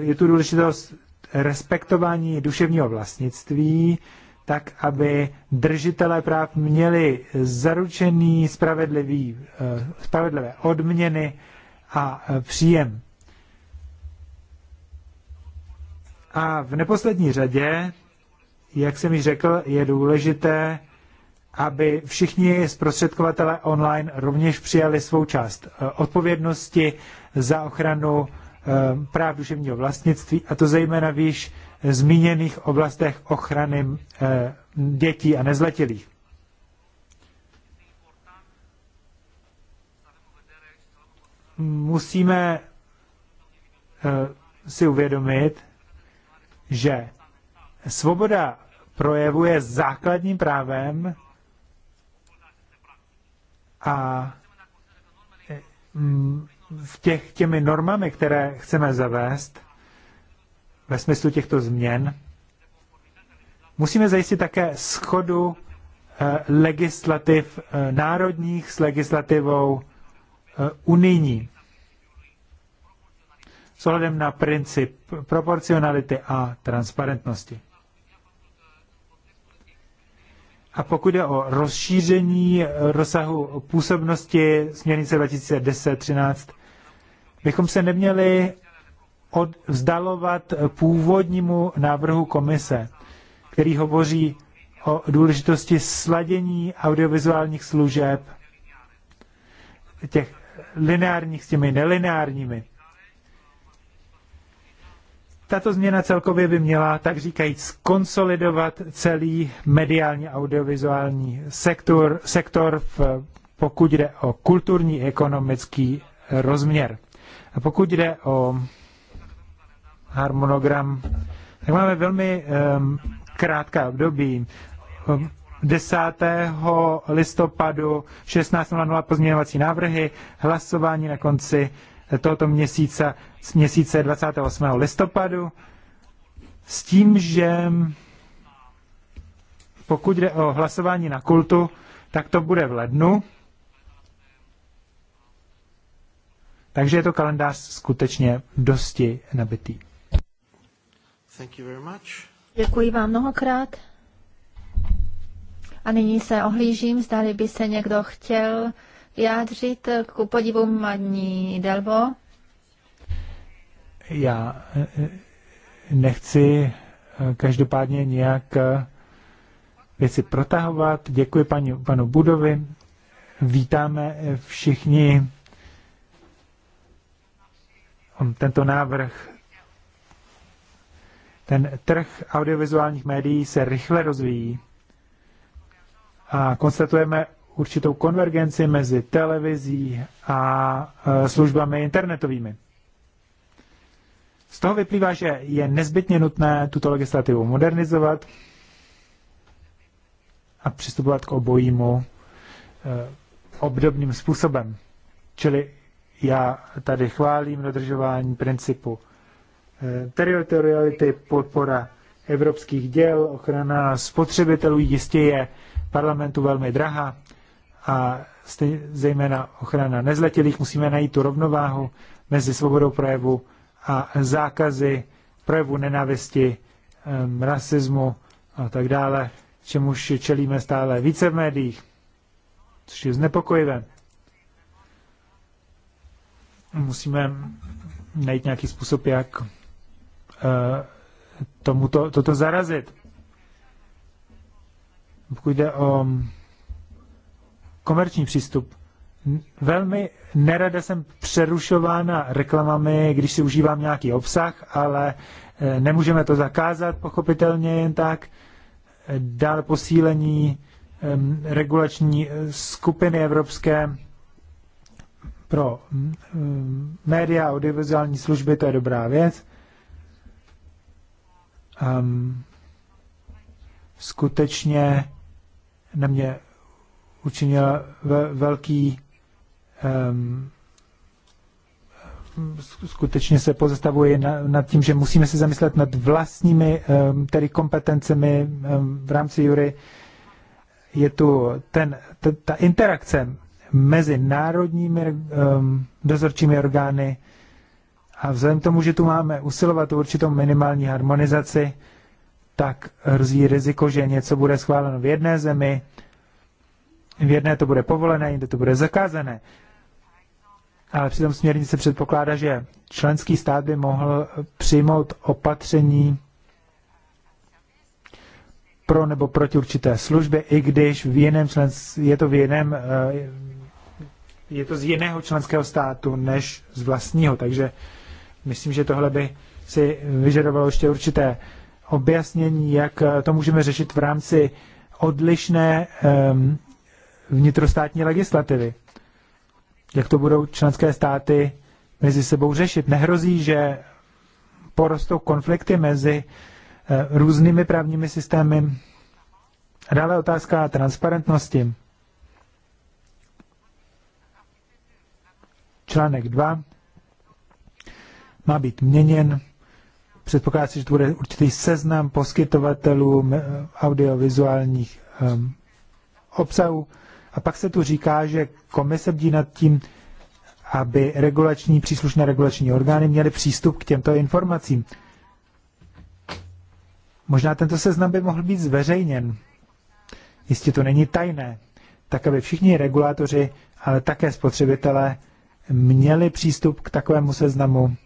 je tu důležitost respektování duševního vlastnictví, tak aby držitelé práv měli zaručený spravedlivý, eh, spravedlivé odměny a eh, příjem. A v neposlední řadě, jak jsem již řekl, je důležité, aby všichni zprostředkovatele online rovněž přijali svou část eh, odpovědnosti za ochranu práv duševního vlastnictví, a to zejména výš zmíněných oblastech ochrany eh, dětí a nezletilých. Musíme eh, si uvědomit, že svoboda projevu je základním právem a eh, v těch těmi normami, které chceme zavést, ve smyslu těchto změn, musíme zajistit také schodu eh, legislativ eh, národních s legislativou eh, unijní. S ohledem na princip proporcionality a transparentnosti. A pokud je o rozšíření rozsahu působnosti směrnice 2010-13, bychom se neměli vzdalovat původnímu návrhu komise, který hovoří o důležitosti sladění audiovizuálních služeb, těch lineárních s těmi nelineárními. Tato změna celkově by měla, tak říkajíc, konsolidovat celý mediální audiovizuální sektor, sektor v, pokud jde o kulturní ekonomický rozměr. A pokud jde o harmonogram, tak máme velmi um, krátká období. 10. listopadu 16.00 pozměňovací návrhy, hlasování na konci tohoto měsíce, měsíce 28. listopadu, s tím, že pokud jde o hlasování na kultu, tak to bude v lednu. Takže je to kalendář skutečně dosti nabitý. Thank you very much. Děkuji vám mnohokrát. A nyní se ohlížím, zdali by se někdo chtěl vyjádřit ku podivu Madní Delvo. Já eh, eh, nechci eh, každopádně nějak věci protahovat. Děkuji paní, panu Budovi. Vítáme všichni tento návrh ten trh audiovizuálních médií se rychle rozvíjí a konstatujeme určitou konvergenci mezi televizí a e, službami internetovými. Z toho vyplývá, že je nezbytně nutné tuto legislativu modernizovat a přistupovat k obojímu e, obdobným způsobem. Čili já tady chválím dodržování principu Eh, teritoriality, podpora evropských děl, ochrana spotřebitelů jistě je parlamentu velmi drahá a zejména ochrana nezletilých. Musíme najít tu rovnováhu mezi svobodou projevu a zákazy projevu nenávisti, rasismu a tak dále, čemuž čelíme stále více v médiích, což je znepokojivé. Musíme najít nějaký způsob, jak Eh, tomuto, toto zarazit. Pokud jde o mm, komerční přístup, velmi nerada jsem přerušována reklamami, když si užívám nějaký obsah, ale eh, nemůžeme to zakázat pochopitelně jen tak. Dále posílení mm, regulační eh, skupiny evropské pro mm, média a audiovizuální služby, to je dobrá věc um, skutečně na mě učinila ve, velký um, skutečně se pozastavuje na, nad tím, že musíme se zamyslet nad vlastními um, tedy kompetencemi um, v rámci jury. Je tu ten, ta, ta interakce mezi národními um, dozorčími orgány a vzhledem k tomu, že tu máme usilovat o určitou minimální harmonizaci, tak hrozí riziko, že něco bude schváleno v jedné zemi, v jedné to bude povolené, jinde to bude zakázané. Ale přitom směrnice předpokládá, že členský stát by mohl přijmout opatření pro nebo proti určité službě, i když v jiném člen, je to v jiném, eh, je to z jiného členského státu než z vlastního. Takže Myslím, že tohle by si vyžadovalo ještě určité objasnění, jak eh, to můžeme řešit v rámci odlišné um, vnitrostátní legislativy. Jak to budou členské státy mezi sebou řešit. Nehrozí, že porostou konflikty mezi uh, různými právními systémy. Dále otázka transparentnosti. Článek 2 má být měněn. Předpokládá se, že to bude určitý seznam poskytovatelů audiovizuálních um, obsahů. A pak se tu říká, že komise bdí nad tím, aby regulační, příslušné regulační orgány měly přístup k těmto informacím. Možná tento seznam by mohl být zveřejněn. Jistě to není tajné. Tak, aby všichni regulátoři, ale také spotřebitelé měli přístup k takovému seznamu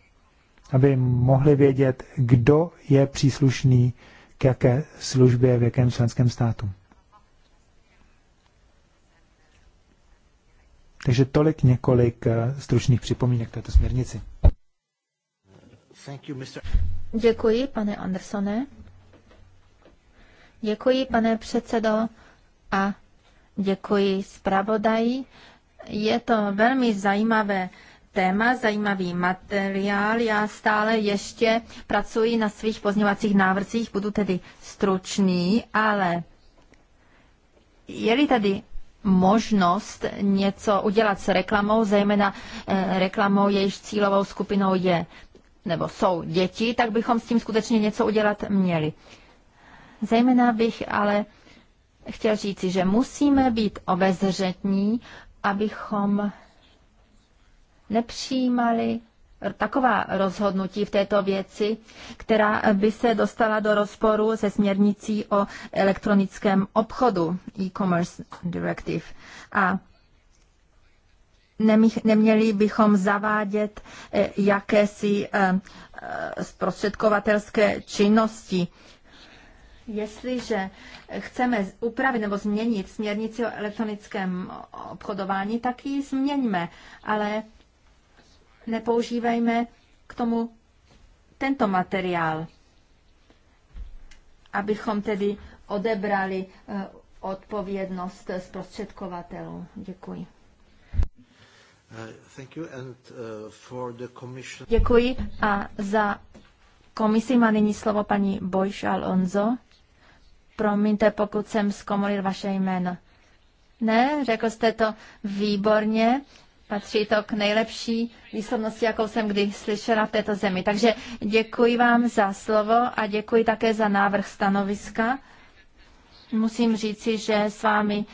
aby mohli vědět, kdo je příslušný k jaké službě v jakém členském státu. Takže tolik několik eh, stručných připomínek k této směrnici. Děkuji, pane Andersone. Děkuji, pane předsedo, a děkuji zpravodaji. Je to velmi zajímavé téma, zajímavý materiál. Já stále ještě pracuji na svých pozněvacích návrzích, budu tedy stručný, ale je-li tady možnost něco udělat s reklamou, zejména eh, reklamou, jejíž cílovou skupinou je nebo jsou děti, tak bychom s tím skutečně něco udělat měli. Zejména bych ale chtěl říci, že musíme být obezřetní, abychom nepřijímali taková rozhodnutí v této věci, která by se dostala do rozporu se směrnicí o elektronickém obchodu e-commerce directive. A neměli bychom zavádět eh, jakési eh, zprostředkovatelské činnosti. Jestliže chceme upravit nebo změnit směrnici o elektronickém obchodování, tak ji změňme, ale nepoužívejme k tomu tento materiál, abychom tedy odebrali eh, odpovědnost zprostředkovatelů. Děkuji. Uh, uh, Děkuji a za komisi má nyní slovo paní Bojš Alonzo. Promiňte, pokud jsem zkomolil vaše jméno. Ne, řekl jste to výborně. Patří to k nejlepší výslovnosti, jakou jsem kdy slyšela v této zemi. Takže děkuji vám za slovo a děkuji také za návrh stanoviska. Musím říci, že s vámi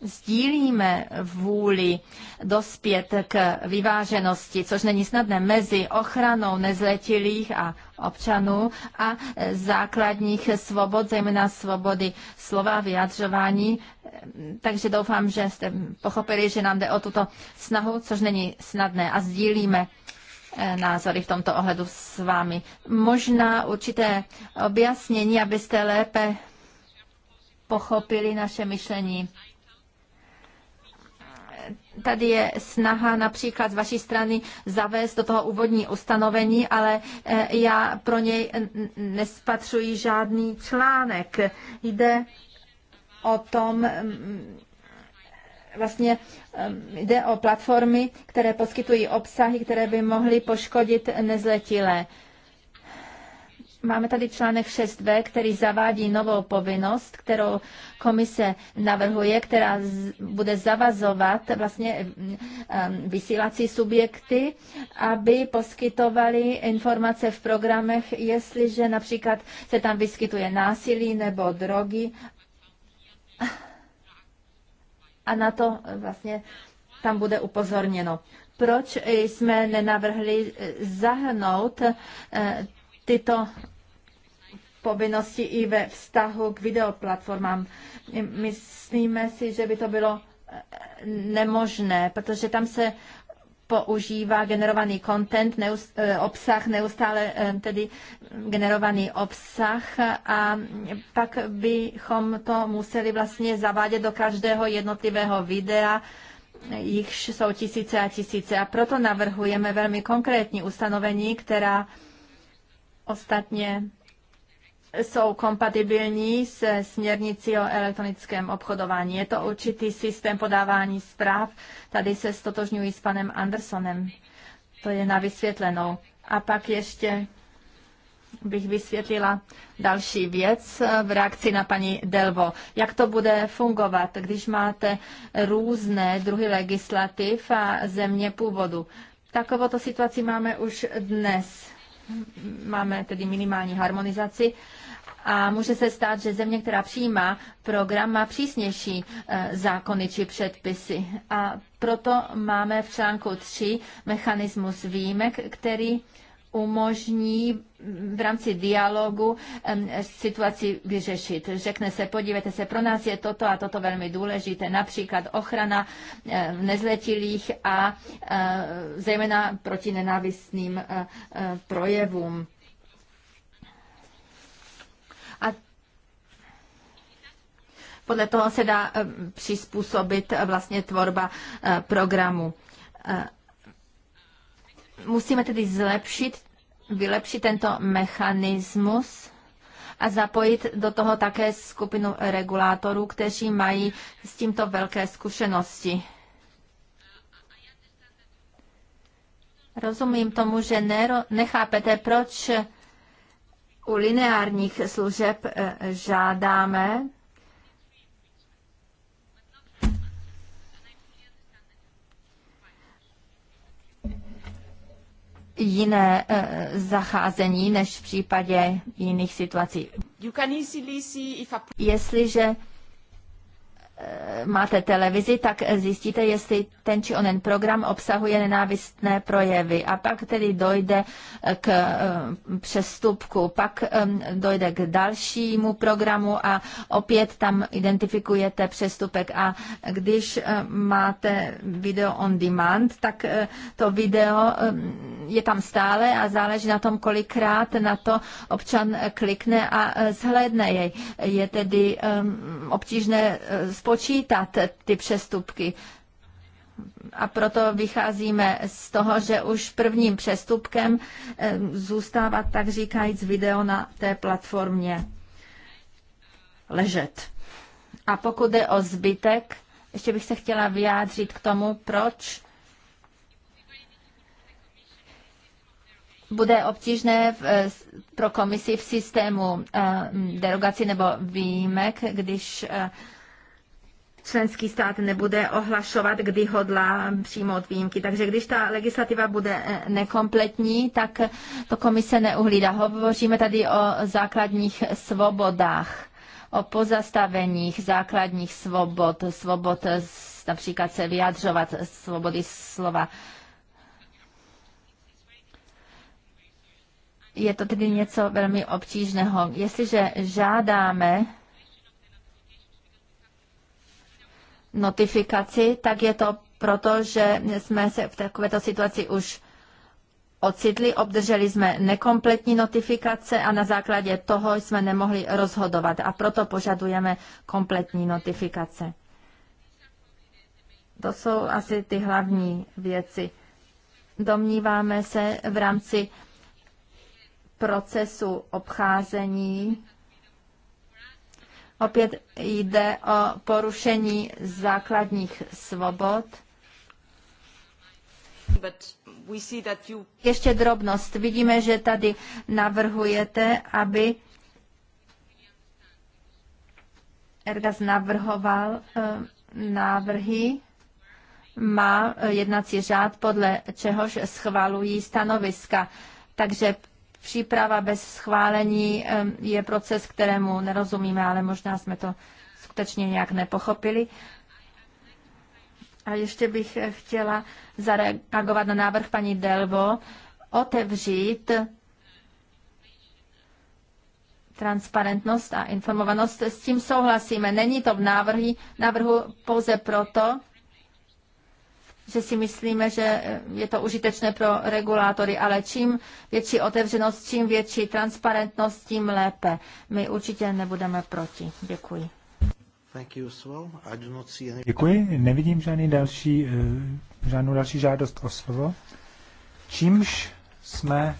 sdílíme vůli dospět k vyváženosti, což není snadné, mezi ochranou nezletilých a občanů a základních svobod, zejména svobody slova, vyjadřování. Takže doufám, že jste pochopili, že nám jde o tuto snahu, což není snadné a sdílíme eh, názory v tomto ohledu s vámi. Možná určité objasnění, abyste lépe pochopili naše myšlení tady je snaha například z vaší strany zavést do toho úvodní ustanovení, ale eh, já pro něj nespatřuji žádný článek. Jde o tom, mm, vlastně mm, jde o platformy, které poskytují obsahy, které by mohly poškodit nezletilé. Máme tady článek 6 b který zavádí novou povinnost, kterou komise navrhuje, která bude zavazovat vlastně eh, eh, vysílací subjekty, aby poskytovali informace v programech, jestliže například se tam vyskytuje násilí nebo drogy. A na to vlastně tam bude upozorněno. Proč jsme nenavrhli eh, zahrnout tyto povinnosti i ve vztahu k videoplatformám. Myslíme si, že by to bylo eh, nemožné, protože tam se používá generovaný content, eh, obsah, neustále eh, tedy generovaný obsah a pak bychom to museli vlastně zavádět do každého jednotlivého videa, jich jsou tisíce a tisíce. A proto navrhujeme velmi konkrétní ustanovení, která ostatně jsou kompatibilní se směrnicí o elektronickém obchodování. Je to určitý systém podávání zpráv. Tady se stotožňuji s panem Andersonem. To je na vysvětlenou. A pak ještě bych vysvětlila další věc v reakci na paní Delvo. Jak to bude fungovat, když máte různé druhy legislativ a země původu? Takovouto situaci máme už dnes máme tedy minimální harmonizaci a může se stát, že země, která přijímá program, má přísnější eh, zákony či předpisy. A proto máme v článku 3 mechanismus výjimek, který umožní v rámci dialogu situaci vyřešit. Řekne se, podívejte se, pro nás je toto a toto velmi důležité, například ochrana eh, nezletilých a eh, zejména proti nenávistným eh, projevům. A podle toho se dá přizpůsobit vlastně tvorba programu. Musíme tedy zlepšit vylepšit tento mechanismus a zapojit do toho také skupinu regulátorů, kteří mají s tímto velké zkušenosti. Rozumím tomu, že nechápete, proč u lineárních služeb eh, žádáme jiné eh, zacházení než v případě jiných situací. Jestliže Eh, máte televizi, tak zjistíte, jestli ten či onen program obsahuje nenávistné projevy. A pak tedy dojde eh, k eh, přestupku, pak dojde k dalšímu programu a opět tam identifikujete přestupek. A když máte video on demand, tak to video je tam stále a záleží na tom, kolikrát na to občan klikne a zhlédne jej. Je tedy obtížné spočítat ty přestupky. A proto vycházíme z toho, že už prvním přestupkem eh, zůstává, tak říkajíc, video na té platformě ležet. A pokud je o zbytek, ještě bych se chtěla vyjádřit k tomu, proč bude obtížné v, eh, pro komisi v systému eh, derogaci nebo výjimek, když členský stát nebude ohlašovat, kdy hodlá přijmout výjimky. Takže když ta legislativa bude eh, nekompletní, tak eh, to komise neuhlídá. Hovoříme tady o základních svobodách o pozastaveních základních svobod, svobod eh, například se vyjadřovat, svobody slova. Je to tedy něco velmi obtížného. Jestliže žádáme notifikaci, tak je to proto, že jsme se v takovéto situaci už ocitli, obdrželi jsme nekompletní notifikace a na základě toho jsme nemohli rozhodovat a proto požadujeme kompletní notifikace. To jsou asi ty hlavní věci. Domníváme se v rámci procesu obcházení Opět jde o porušení základních svobod. Ještě drobnost. Vidíme, že tady navrhujete, aby Ergas navrhoval eh, návrhy, má eh, jednací řád, podle čehož schvalují stanoviska. Takže Příprava bez schválení je proces, kterému nerozumíme, ale možná jsme to skutečně nějak nepochopili. A ještě bych eh, chtěla zareagovat na návrh paní Delvo, otevřít transparentnost a informovanost. S tím souhlasíme. Není to v návrhu, návrhu pouze proto, že si myslíme, že je to užitečné pro regulátory, ale čím větší otevřenost, čím větší transparentnost, tím lépe. My určitě nebudeme proti. Děkuji. Děkuji. Nevidím žádný další, eh, žádnou další žádost o slovo. Čímž jsme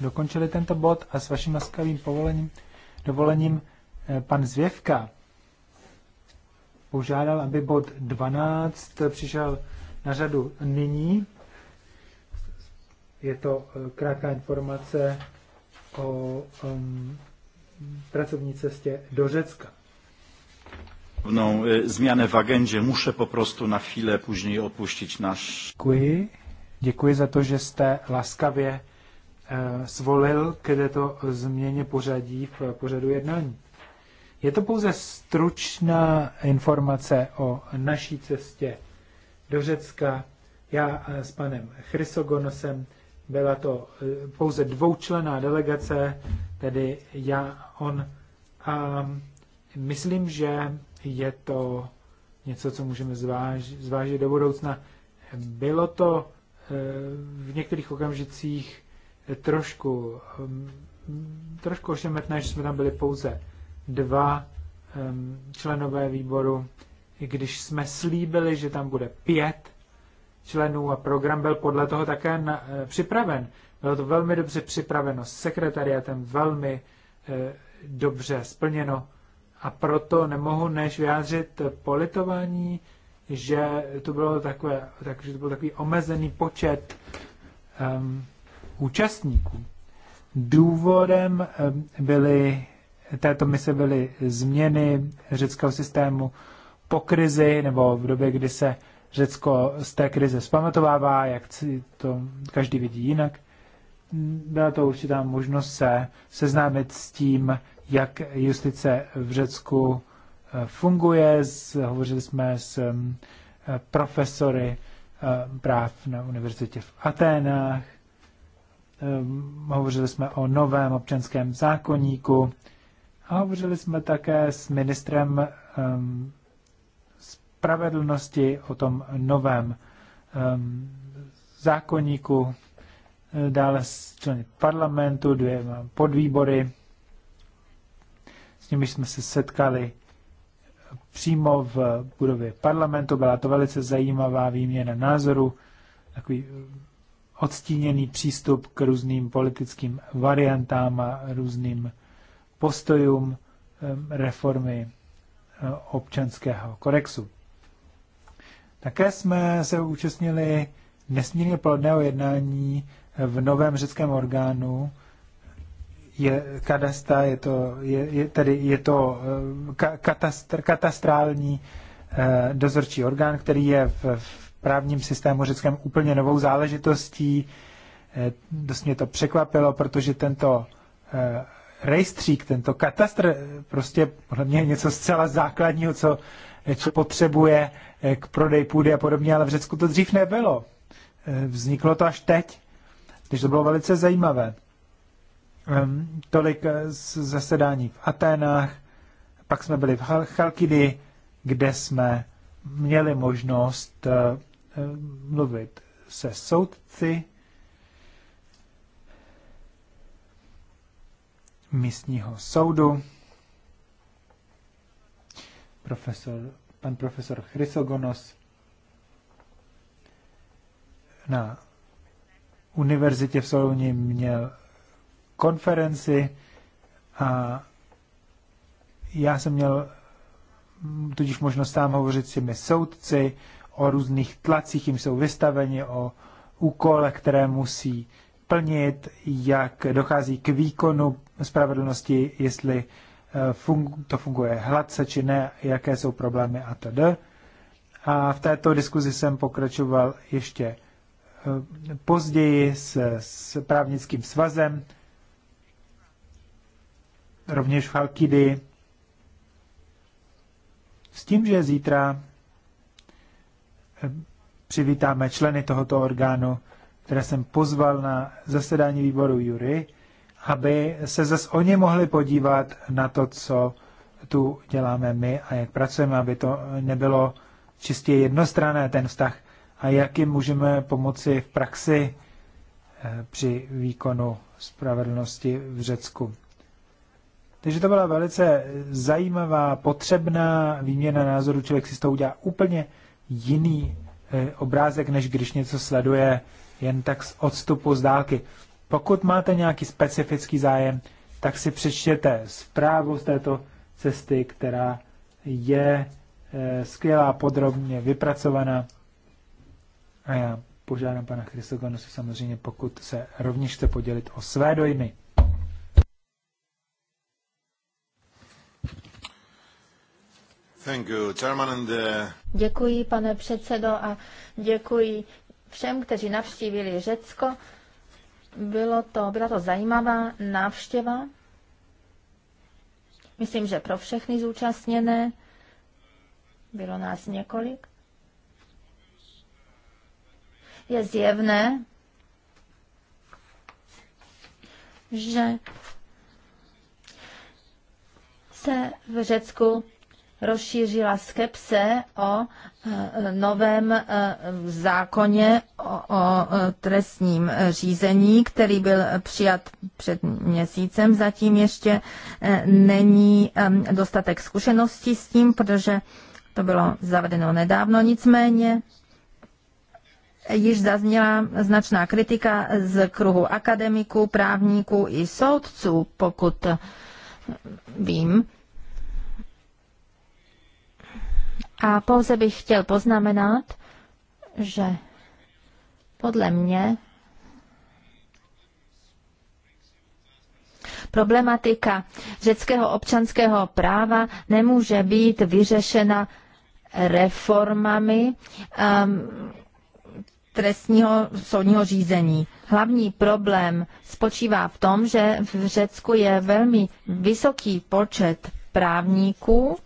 dokončili tento bod a s vaším laskavým povolením, dovolením eh, pan Zvěvka požádal, aby bod 12 přišel na řadu nyní. Je to eh, krátká informace o um, pracovní cestě do Řecka. No, e, změny v agendě muszę po prostu na chvíli později opustit náš. Děkuji. Děkuji za to, že jste laskavě svolil eh, k této změně pořadí v pořadu jednání. Je to pouze stručná informace o naší cestě do Řecka. Já eh, s panem Chrysogonosem byla to eh, pouze dvoučlená delegace, tedy já, on. A myslím, že je to něco, co můžeme zváž, zvážit do budoucna. Bylo to eh, v některých okamžicích trošku, trošku ošemetné, že jsme tam byli pouze dva členové výboru, i když jsme slíbili, že tam bude pět členů a program byl podle toho také na, e, připraven. Bylo to velmi dobře připraveno s sekretariatem, velmi e, dobře splněno a proto nemohu než vyjádřit politování, že to bylo takové, tak, že to byl takový omezený počet um, účastníků. Důvodem um, byly této mise byly změny řeckého systému po krizi nebo v době, kdy se Řecko z té krize zpamatovává, jak si to každý vidí jinak. Byla to určitá možnost se seznámit s tím, jak justice v Řecku eh, funguje. Hovořili jsme s mm, eh, profesory eh, práv na univerzitě v Aténách. Hovořili jsme o novém občanském zákoníku a hovořili jsme také s ministrem um, spravedlnosti o tom novém um, zákoníku, dále s členy parlamentu, dvě podvýbory, s nimi jsme se setkali přímo v budově parlamentu. Byla to velice zajímavá výměna názoru, takový odstíněný přístup k různým politickým variantám a různým postojům reformy občanského kodexu. Také jsme se účastnili nesmírně plodného jednání v novém řeckém orgánu je kadasta, je to, je, je, tedy je to katastr, katastrální eh, dozorčí orgán, který je v, v právním systému řeckém úplně novou záležitostí. Eh, dost mě to překvapilo, protože tento eh, rejstřík, tento katastr, prostě podle mě něco zcela základního, co potřebuje eh, k prodeji půdy a podobně, ale v Řecku to dřív nebylo. Eh, vzniklo to až teď, když to bylo velice zajímavé. Ehm, tolik eh, zasedání v Aténách, pak jsme byli v Chalkidy, kde jsme měli možnost mluvit se soudci místního soudu. Profesor, pan profesor Chrysogonos na univerzitě v Soluni měl konferenci a já jsem měl tudíž možnost sám hovořit s těmi soudci o různých tlacích, jim jsou vystaveni, o úkole, které musí plnit, jak dochází k výkonu spravedlnosti, jestli eh, to funguje hladce či ne, jaké jsou problémy a td. A v této diskuzi jsem pokračoval ještě eh, později s, s právnickým svazem, rovněž v Halkidy, s tím, že zítra eh, přivítáme členy tohoto orgánu které jsem pozval na zasedání výboru Jury, aby se zase oni mohli podívat na to, co tu děláme my a jak pracujeme, aby to nebylo čistě jednostranné ten vztah a jak jim můžeme pomoci v praxi eh, při výkonu spravedlnosti v Řecku. Takže to byla velice zajímavá, potřebná výměna názoru. Člověk si z toho udělá úplně jiný eh, obrázek, než když něco sleduje jen tak z odstupu z dálky. Pokud máte nějaký specifický zájem, tak si přečtěte zprávu z této cesty, která je eh, skvělá, podrobně vypracovaná. A já požádám pana si samozřejmě, pokud se rovněž chce podělit o své dojmy. Eh, děkuji, pane předsedo, a děkuji všem, kteří navštívili Řecko. Bylo to, byla to zajímavá návštěva. Myslím, že pro všechny zúčastněné. Bylo nás několik. Je zjevné, že se v Řecku rozšířila skepse o eh, novém eh, zákoně o eh, trestním řízení, který byl přijat před měsícem. Zatím ještě není dostatek zkušeností s tím, protože to bylo zavedeno nedávno. Nicméně již zazněla značná kritika z kruhu akademiků, právníků i soudců, pokud vím. A pouze bych chtěl poznamenat, že podle mě problematika řeckého občanského práva nemůže být vyřešena reformami um, trestního soudního řízení. Hlavní problém spočívá v tom, že v Řecku je velmi vysoký počet právníků,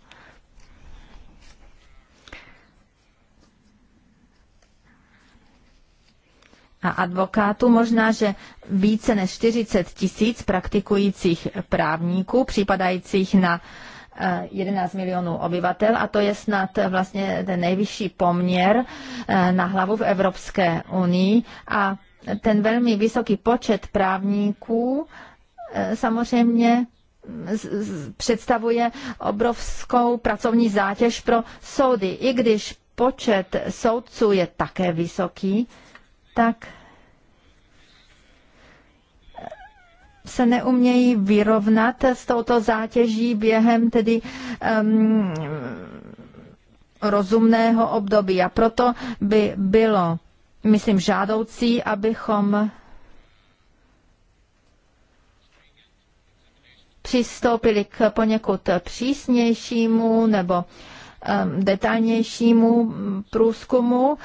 a advokátů, možná, že více než 40 tisíc praktikujících právníků, připadajících na 11 eh, milionů obyvatel a to je snad vlastně ten nejvyšší poměr eh, na hlavu v Evropské unii a ten velmi vysoký počet právníků eh, samozřejmě představuje obrovskou pracovní zátěž pro soudy, i když počet soudců je také vysoký, tak se neumějí vyrovnat s touto zátěží během tedy um, rozumného období. A proto by bylo, myslím, žádoucí, abychom přistoupili k poněkud přísnějšímu nebo detailnějšímu průzkumu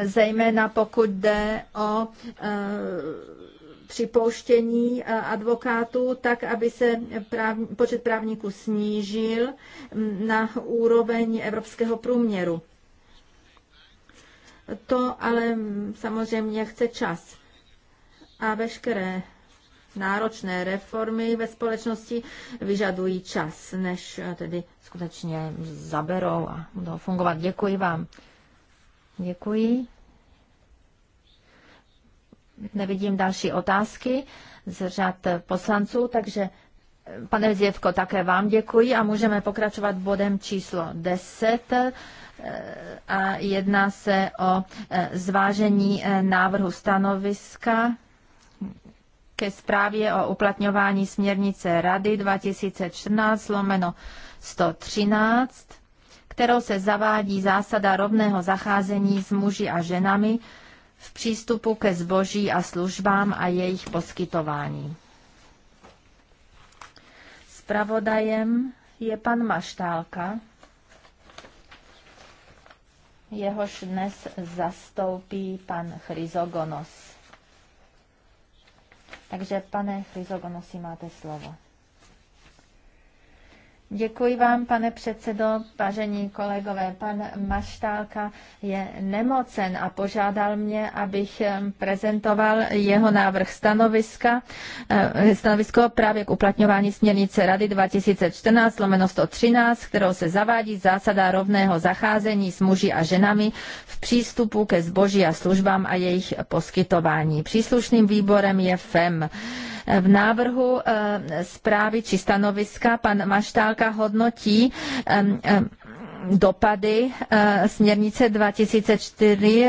zejména pokud jde o e, připouštění e, advokátů, tak aby se práv, počet právníků snížil na úroveň evropského průměru. To ale samozřejmě chce čas. A veškeré náročné reformy ve společnosti vyžadují čas, než e, tedy skutečně zaberou a budou fungovat. Děkuji vám. Děkuji. Nevidím další otázky z řad poslanců, takže eh, pane Zjevko, také vám děkuji a můžeme pokračovat bodem číslo 10 eh, a jedná se o eh, zvážení návrhu stanoviska ke zprávě o uplatňování směrnice Rady 2014 lomeno 113 kterou se zavádí zásada rovného zacházení s muži a ženami v přístupu ke zboží a službám a jejich poskytování. Spravodajem je pan Maštálka, jehož dnes zastoupí pan Chryzogonos. Takže, pane Chryzogonosi, máte slovo. Děkuji vám, pane předsedo. Vážení kolegové, pan Maštálka je nemocen a požádal mě, abych prezentoval jeho návrh stanoviska, eh, stanovisko právě k uplatňování směrnice Rady 2014 lomeno 113, kterou se zavádí zásada rovného zacházení s muži a ženami v přístupu ke zboží a službám a jejich poskytování. Příslušným výborem je FEM. V návrhu eh, zprávy či stanoviska pan Maštálka hodnotí eh, eh, dopady eh, směrnice 2004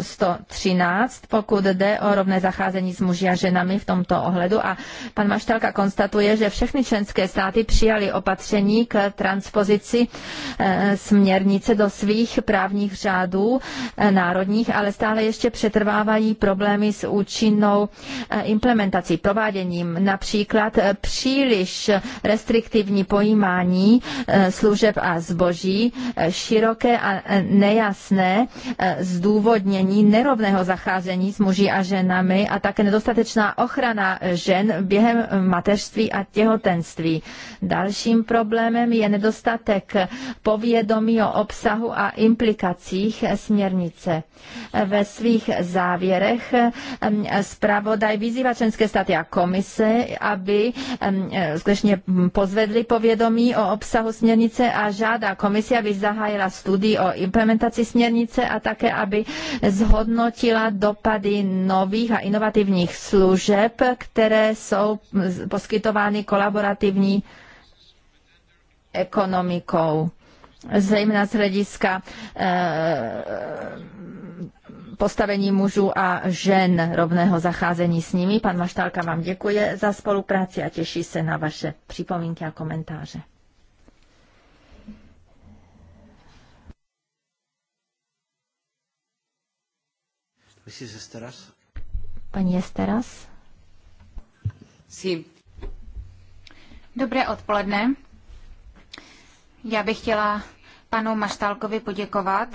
113 113, pokud jde o rovné zacházení s muži a ženami v tomto ohledu. A pan Maštalka konstatuje, že všechny členské státy přijali opatření k transpozici eh, směrnice do svých právních řádů eh, národních, ale stále ještě přetrvávají problémy s účinnou implementací, prováděním. Například příliš restriktivní pojímání služeb a zboží e, široké a e, nejasné e, zdůvodnění nerovného zacházení s muži a ženami a také nedostatečná ochrana žen během mateřství a těhotenství. Dalším problémem je nedostatek povědomí o obsahu a implikacích směrnice. Ve svých závěrech zpravodaj vyzývá členské státy a komise, aby skutečně pozvedli povědomí o obsahu směrnice a žádá komisi, aby zahájila studii o implementaci směrnice a také, aby zhodnotila dopady nových a inovativních služeb, které jsou poskytovány kolaborativní ekonomikou, zejména z hlediska eh, postavení mužů a žen, rovného zacházení s nimi. Pan Maštálka vám děkuje za spolupráci a těší se na vaše připomínky a komentáře. Mrs. Esteras. Paní Esteras. Sí. Dobré odpoledne. Já bych chtěla panu Maštálkovi poděkovat,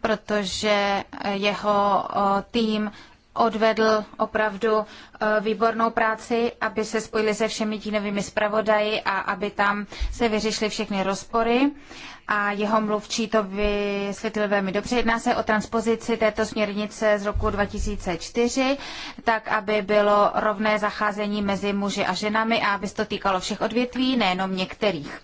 protože jeho eh, tým odvedl opravdu eh, výbornou práci, aby se spojili se všemi tínovými zpravodaji a aby tam se vyřešily všechny rozpory. A jeho mluvčí to vysvětlil velmi dobře. Jedná se o transpozici této směrnice z roku 2004, tak aby bylo rovné zacházení mezi muži a ženami a aby se to týkalo všech odvětví, nejenom některých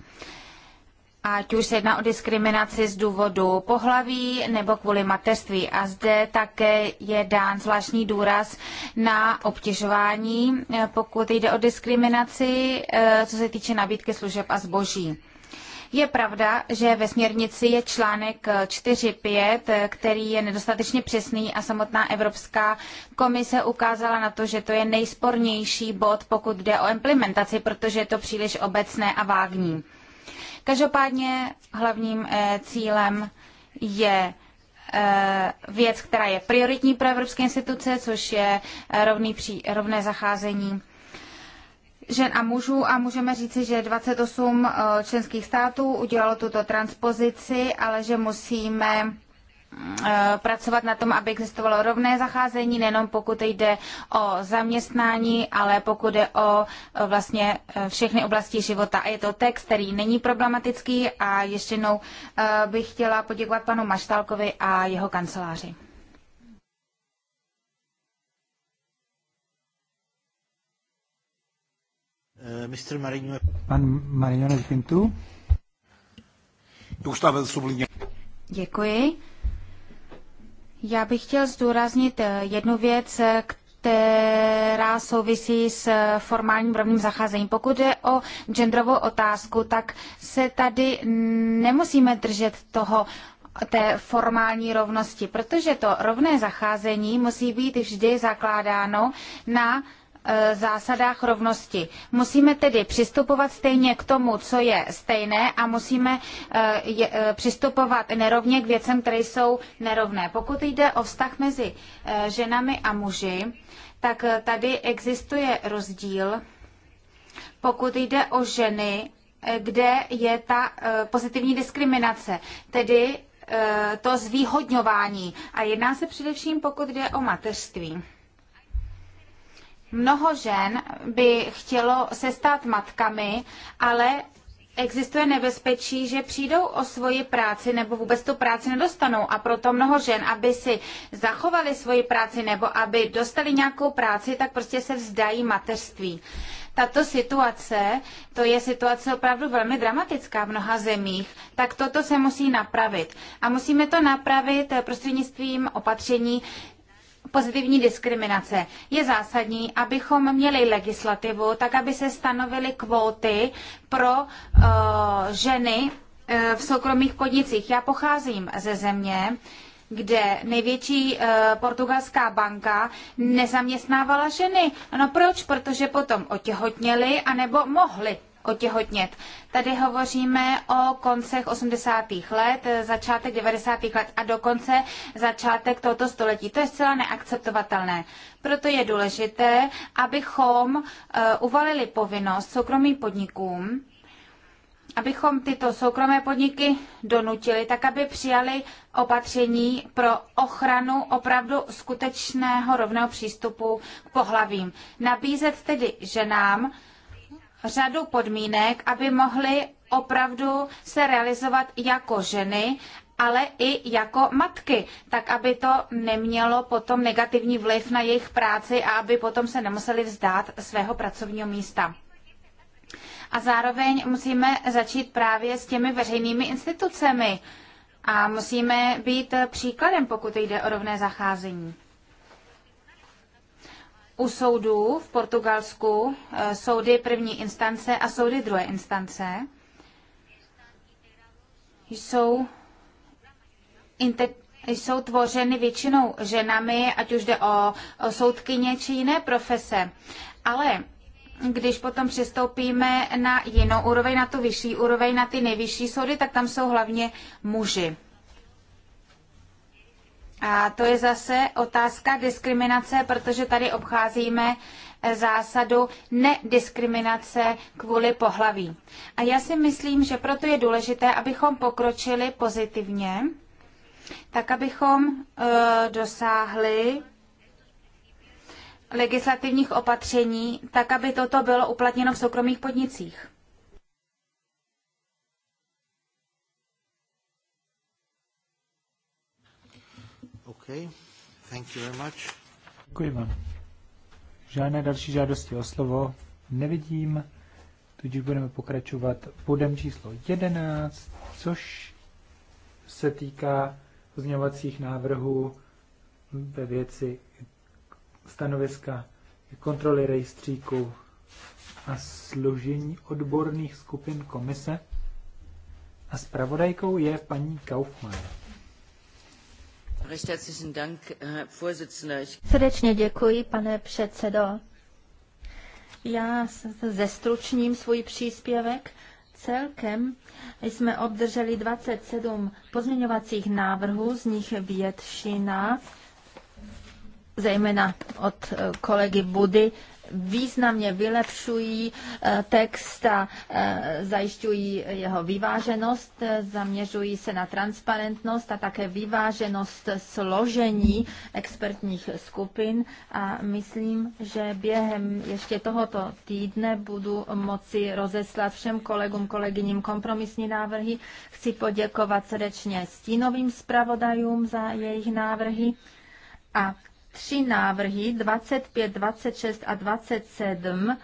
ať už se jedná o diskriminaci z důvodu pohlaví nebo kvůli mateřství. A zde také je dán zvláštní důraz na obtěžování, eh, pokud jde o diskriminaci, eh, co se týče nabídky služeb a zboží. Je pravda, že ve směrnici je článek 4.5, eh, který je nedostatečně přesný a samotná Evropská komise ukázala na to, že to je nejspornější bod, pokud jde o implementaci, protože je to příliš obecné a vágní. Každopádně hlavním eh, cílem je eh, věc, která je prioritní pro evropské instituce, což je eh, rovný pří, rovné zacházení žen a mužů a můžeme říci, že 28 členských států udělalo tuto transpozici, ale že musíme Eh, pracovat na tom, aby existovalo rovné zacházení, nejenom pokud jde o zaměstnání, ale pokud jde o eh, vlastně eh, všechny oblasti života. A je to text, který není problematický a ještě jednou bych chtěla poděkovat panu Maštálkovi a jeho kanceláři. Mr. Marinho. Pan Marinho Pintu. Děkuji. Já bych chtěl zdůraznit eh, jednu věc, eh, která souvisí s eh, formálním rovným zacházením. Pokud jde o genderovou otázku, tak se tady nemusíme držet toho té formální rovnosti, protože to rovné zacházení musí být vždy zakládáno na Eh, zásadách rovnosti. Musíme tedy přistupovat stejně k tomu, co je stejné a musíme eh, eh, přistupovat nerovně k věcem, které jsou nerovné. Pokud jde o vztah mezi ženami a muži, tak tady existuje rozdíl, pokud jde o ženy, kde je ta pozitivní diskriminace, tedy to zvýhodňování. A jedná se především, pokud jde o mateřství. Mnoho žen by chtělo se stát matkami, ale existuje nebezpečí, že přijdou o svoji práci nebo vůbec tu práci nedostanou a proto mnoho žen, aby si zachovali svoji práci nebo aby dostali nějakou práci, tak prostě se vzdají mateřství. Tato situace, to je situace opravdu velmi dramatická v mnoha zemích, tak toto se musí napravit. A musíme to napravit eh, prostřednictvím opatření, pozitivní diskriminace. Je zásadní, abychom měli legislativu, tak aby se stanovily kvóty pro uh, ženy uh, v soukromých podnicích. Já pocházím ze země, kde největší uh, portugalská banka nezaměstnávala ženy. No proč? Protože potom otěhotněly anebo mohly otěhotnět. Tady hovoříme o koncech 80. let, začátek 90. let a dokonce začátek tohoto století. To je zcela neakceptovatelné. Proto je důležité, abychom eh, uvalili povinnost soukromým podnikům, abychom tyto soukromé podniky donutili, tak aby přijali opatření pro ochranu opravdu skutečného rovného přístupu k pohlavím. Nabízet tedy ženám, řadu podmínek, aby mohly opravdu se realizovat jako ženy, ale i jako matky, tak aby to nemělo potom negativní vliv na jejich práci a aby potom se nemuseli vzdát svého pracovního místa. A zároveň musíme začít právě s těmi veřejnými institucemi a musíme být příkladem, pokud jde o rovné zacházení u soudů v Portugalsku eh, soudy první instance a soudy druhé instance jsou, inte, jsou tvořeny většinou ženami, ať už jde o, o soudkyně či jiné profese. Ale když potom přistoupíme na jinou úroveň, na tu vyšší úroveň, na ty nejvyšší soudy, tak tam jsou hlavně muži. A to je zase otázka diskriminace, protože tady obcházíme eh, zásadu nediskriminace kvůli pohlaví. A já si myslím, že proto je důležité, abychom pokročili pozitivně, tak abychom eh, dosáhli legislativních opatření, tak aby toto bylo uplatněno v soukromých podnicích. Okay. Thank you very much. Děkuji vám. Žádné další žádosti o slovo nevidím, tudíž budeme pokračovat bodem číslo 11, což se týká pozměňovacích návrhů ve věci stanoviska kontroly rejstříku a složení odborných skupin komise. A zpravodajkou je paní Kaufmann. Srdečně děkuji, pane předsedo. Já zestručním svůj příspěvek. Celkem jsme obdrželi 27 pozměňovacích návrhů, z nich většina, zejména od eh, kolegy Budy, významně vylepšují eh, text a eh, zajišťují jeho vyváženost, eh, zaměřují se na transparentnost a také vyváženost složení expertních skupin a myslím, že během ještě tohoto týdne budu moci rozeslat všem kolegům, kolegyním kompromisní návrhy. Chci poděkovat srdečně stínovým zpravodajům za jejich návrhy a tři návrhy 25, 26 a 27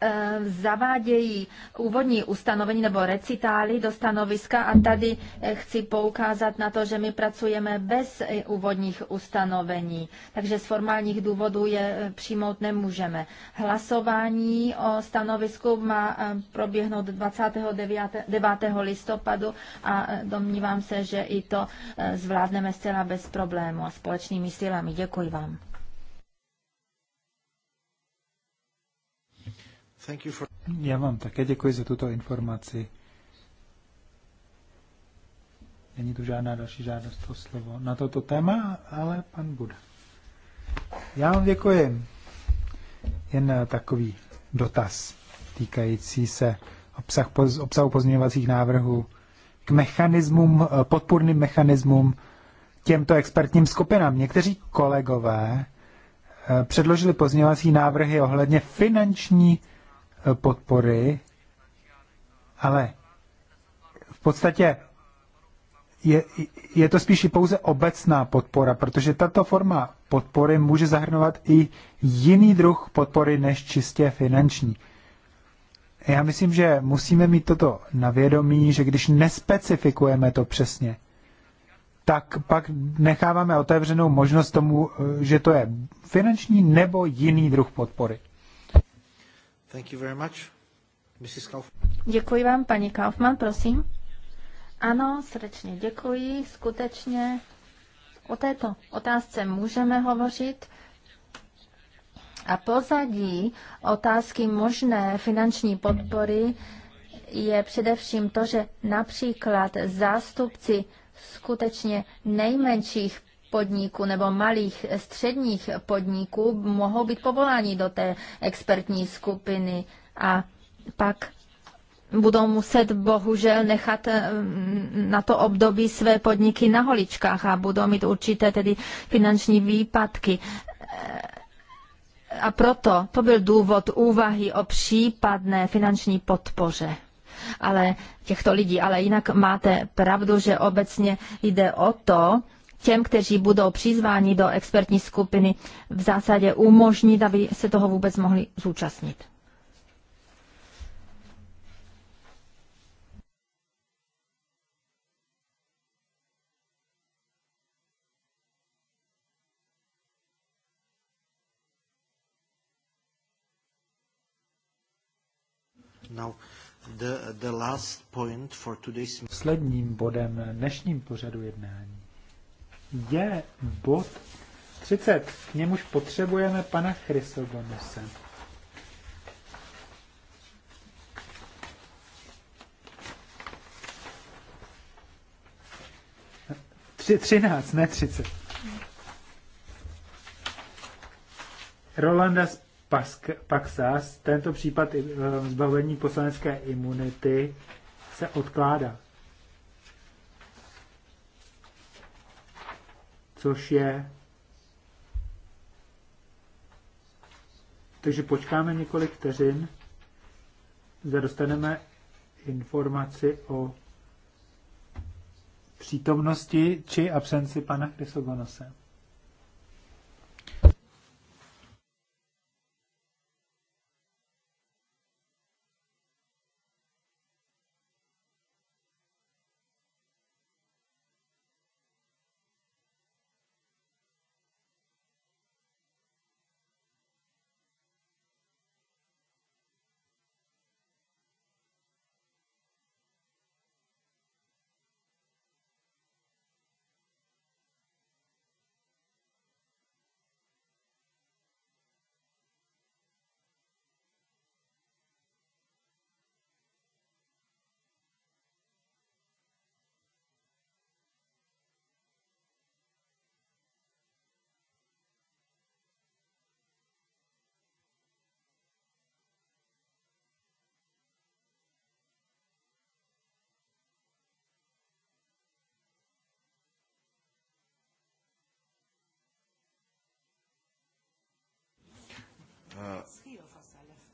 Eh, zavádějí úvodní ustanovení nebo recitály do stanoviska a tady eh, chci poukázat na to, že my pracujeme bez eh, úvodních ustanovení, takže z formálních důvodů je přijmout nemůžeme. Hlasování o stanovisku má proběhnout 29. listopadu a domnívám se, že i to zvládneme zcela bez problému a společnými silami. Děkuji vám. Já vám také děkuji za tuto informaci. Není tu žádná další žádost o slovo na toto téma, ale pan Buda. Já vám děkuji. Jen eh, takový dotaz týkající se obsah, obsahu pozměňovacích návrhů k mechanismům, eh, podpůrným mechanismům těmto expertním skupinám. Někteří kolegové eh, předložili pozměňovací návrhy ohledně finanční podpory, ale v podstatě je, je to spíš pouze obecná podpora, protože tato forma podpory může zahrnovat i jiný druh podpory než čistě finanční. Já myslím, že musíme mít toto na vědomí, že když nespecifikujeme to přesně, tak pak necháváme otevřenou možnost tomu, že to je finanční nebo jiný druh podpory. Děkuji vám, paní Kaufmann, prosím. Ano, srdečně děkuji. Skutečně o této otázce můžeme hovořit. A pozadí otázky možné finanční podpory je především to, že například zástupci skutečně nejmenších podniků nebo malých středních podniků mohou být povoláni do té expertní skupiny a pak budou muset bohužel nechat eh, na to období své podniky na holičkách a budou mít určité tedy finanční výpadky. Eh, a proto to byl důvod úvahy o případné finanční podpoře ale těchto lidí. Ale jinak máte pravdu, že obecně jde o to, těm, kteří budou přizváni do expertní skupiny, v zásadě umožnit, aby se toho vůbec mohli zúčastnit. Now, the, the last point for today's... Posledním bodem dnešním pořadu jednání je bod 30. K němuž potřebujeme pana Chrysogonose. Tři, 13, ne 30. Rolanda Paxas, tento případ eh, zbavení poslanecké imunity, se odkládá. což je... Takže počkáme několik vteřin, zda dostaneme informaci o přítomnosti či absenci pana Chrysogonose.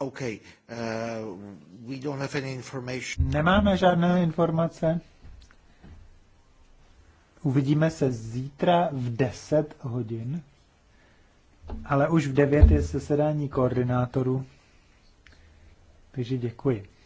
Uh, Nemáme žádné informace. Uvidíme se zítra v 10 hodin, ale už v 9 je zasedání koordinátorů. Takže děkuji.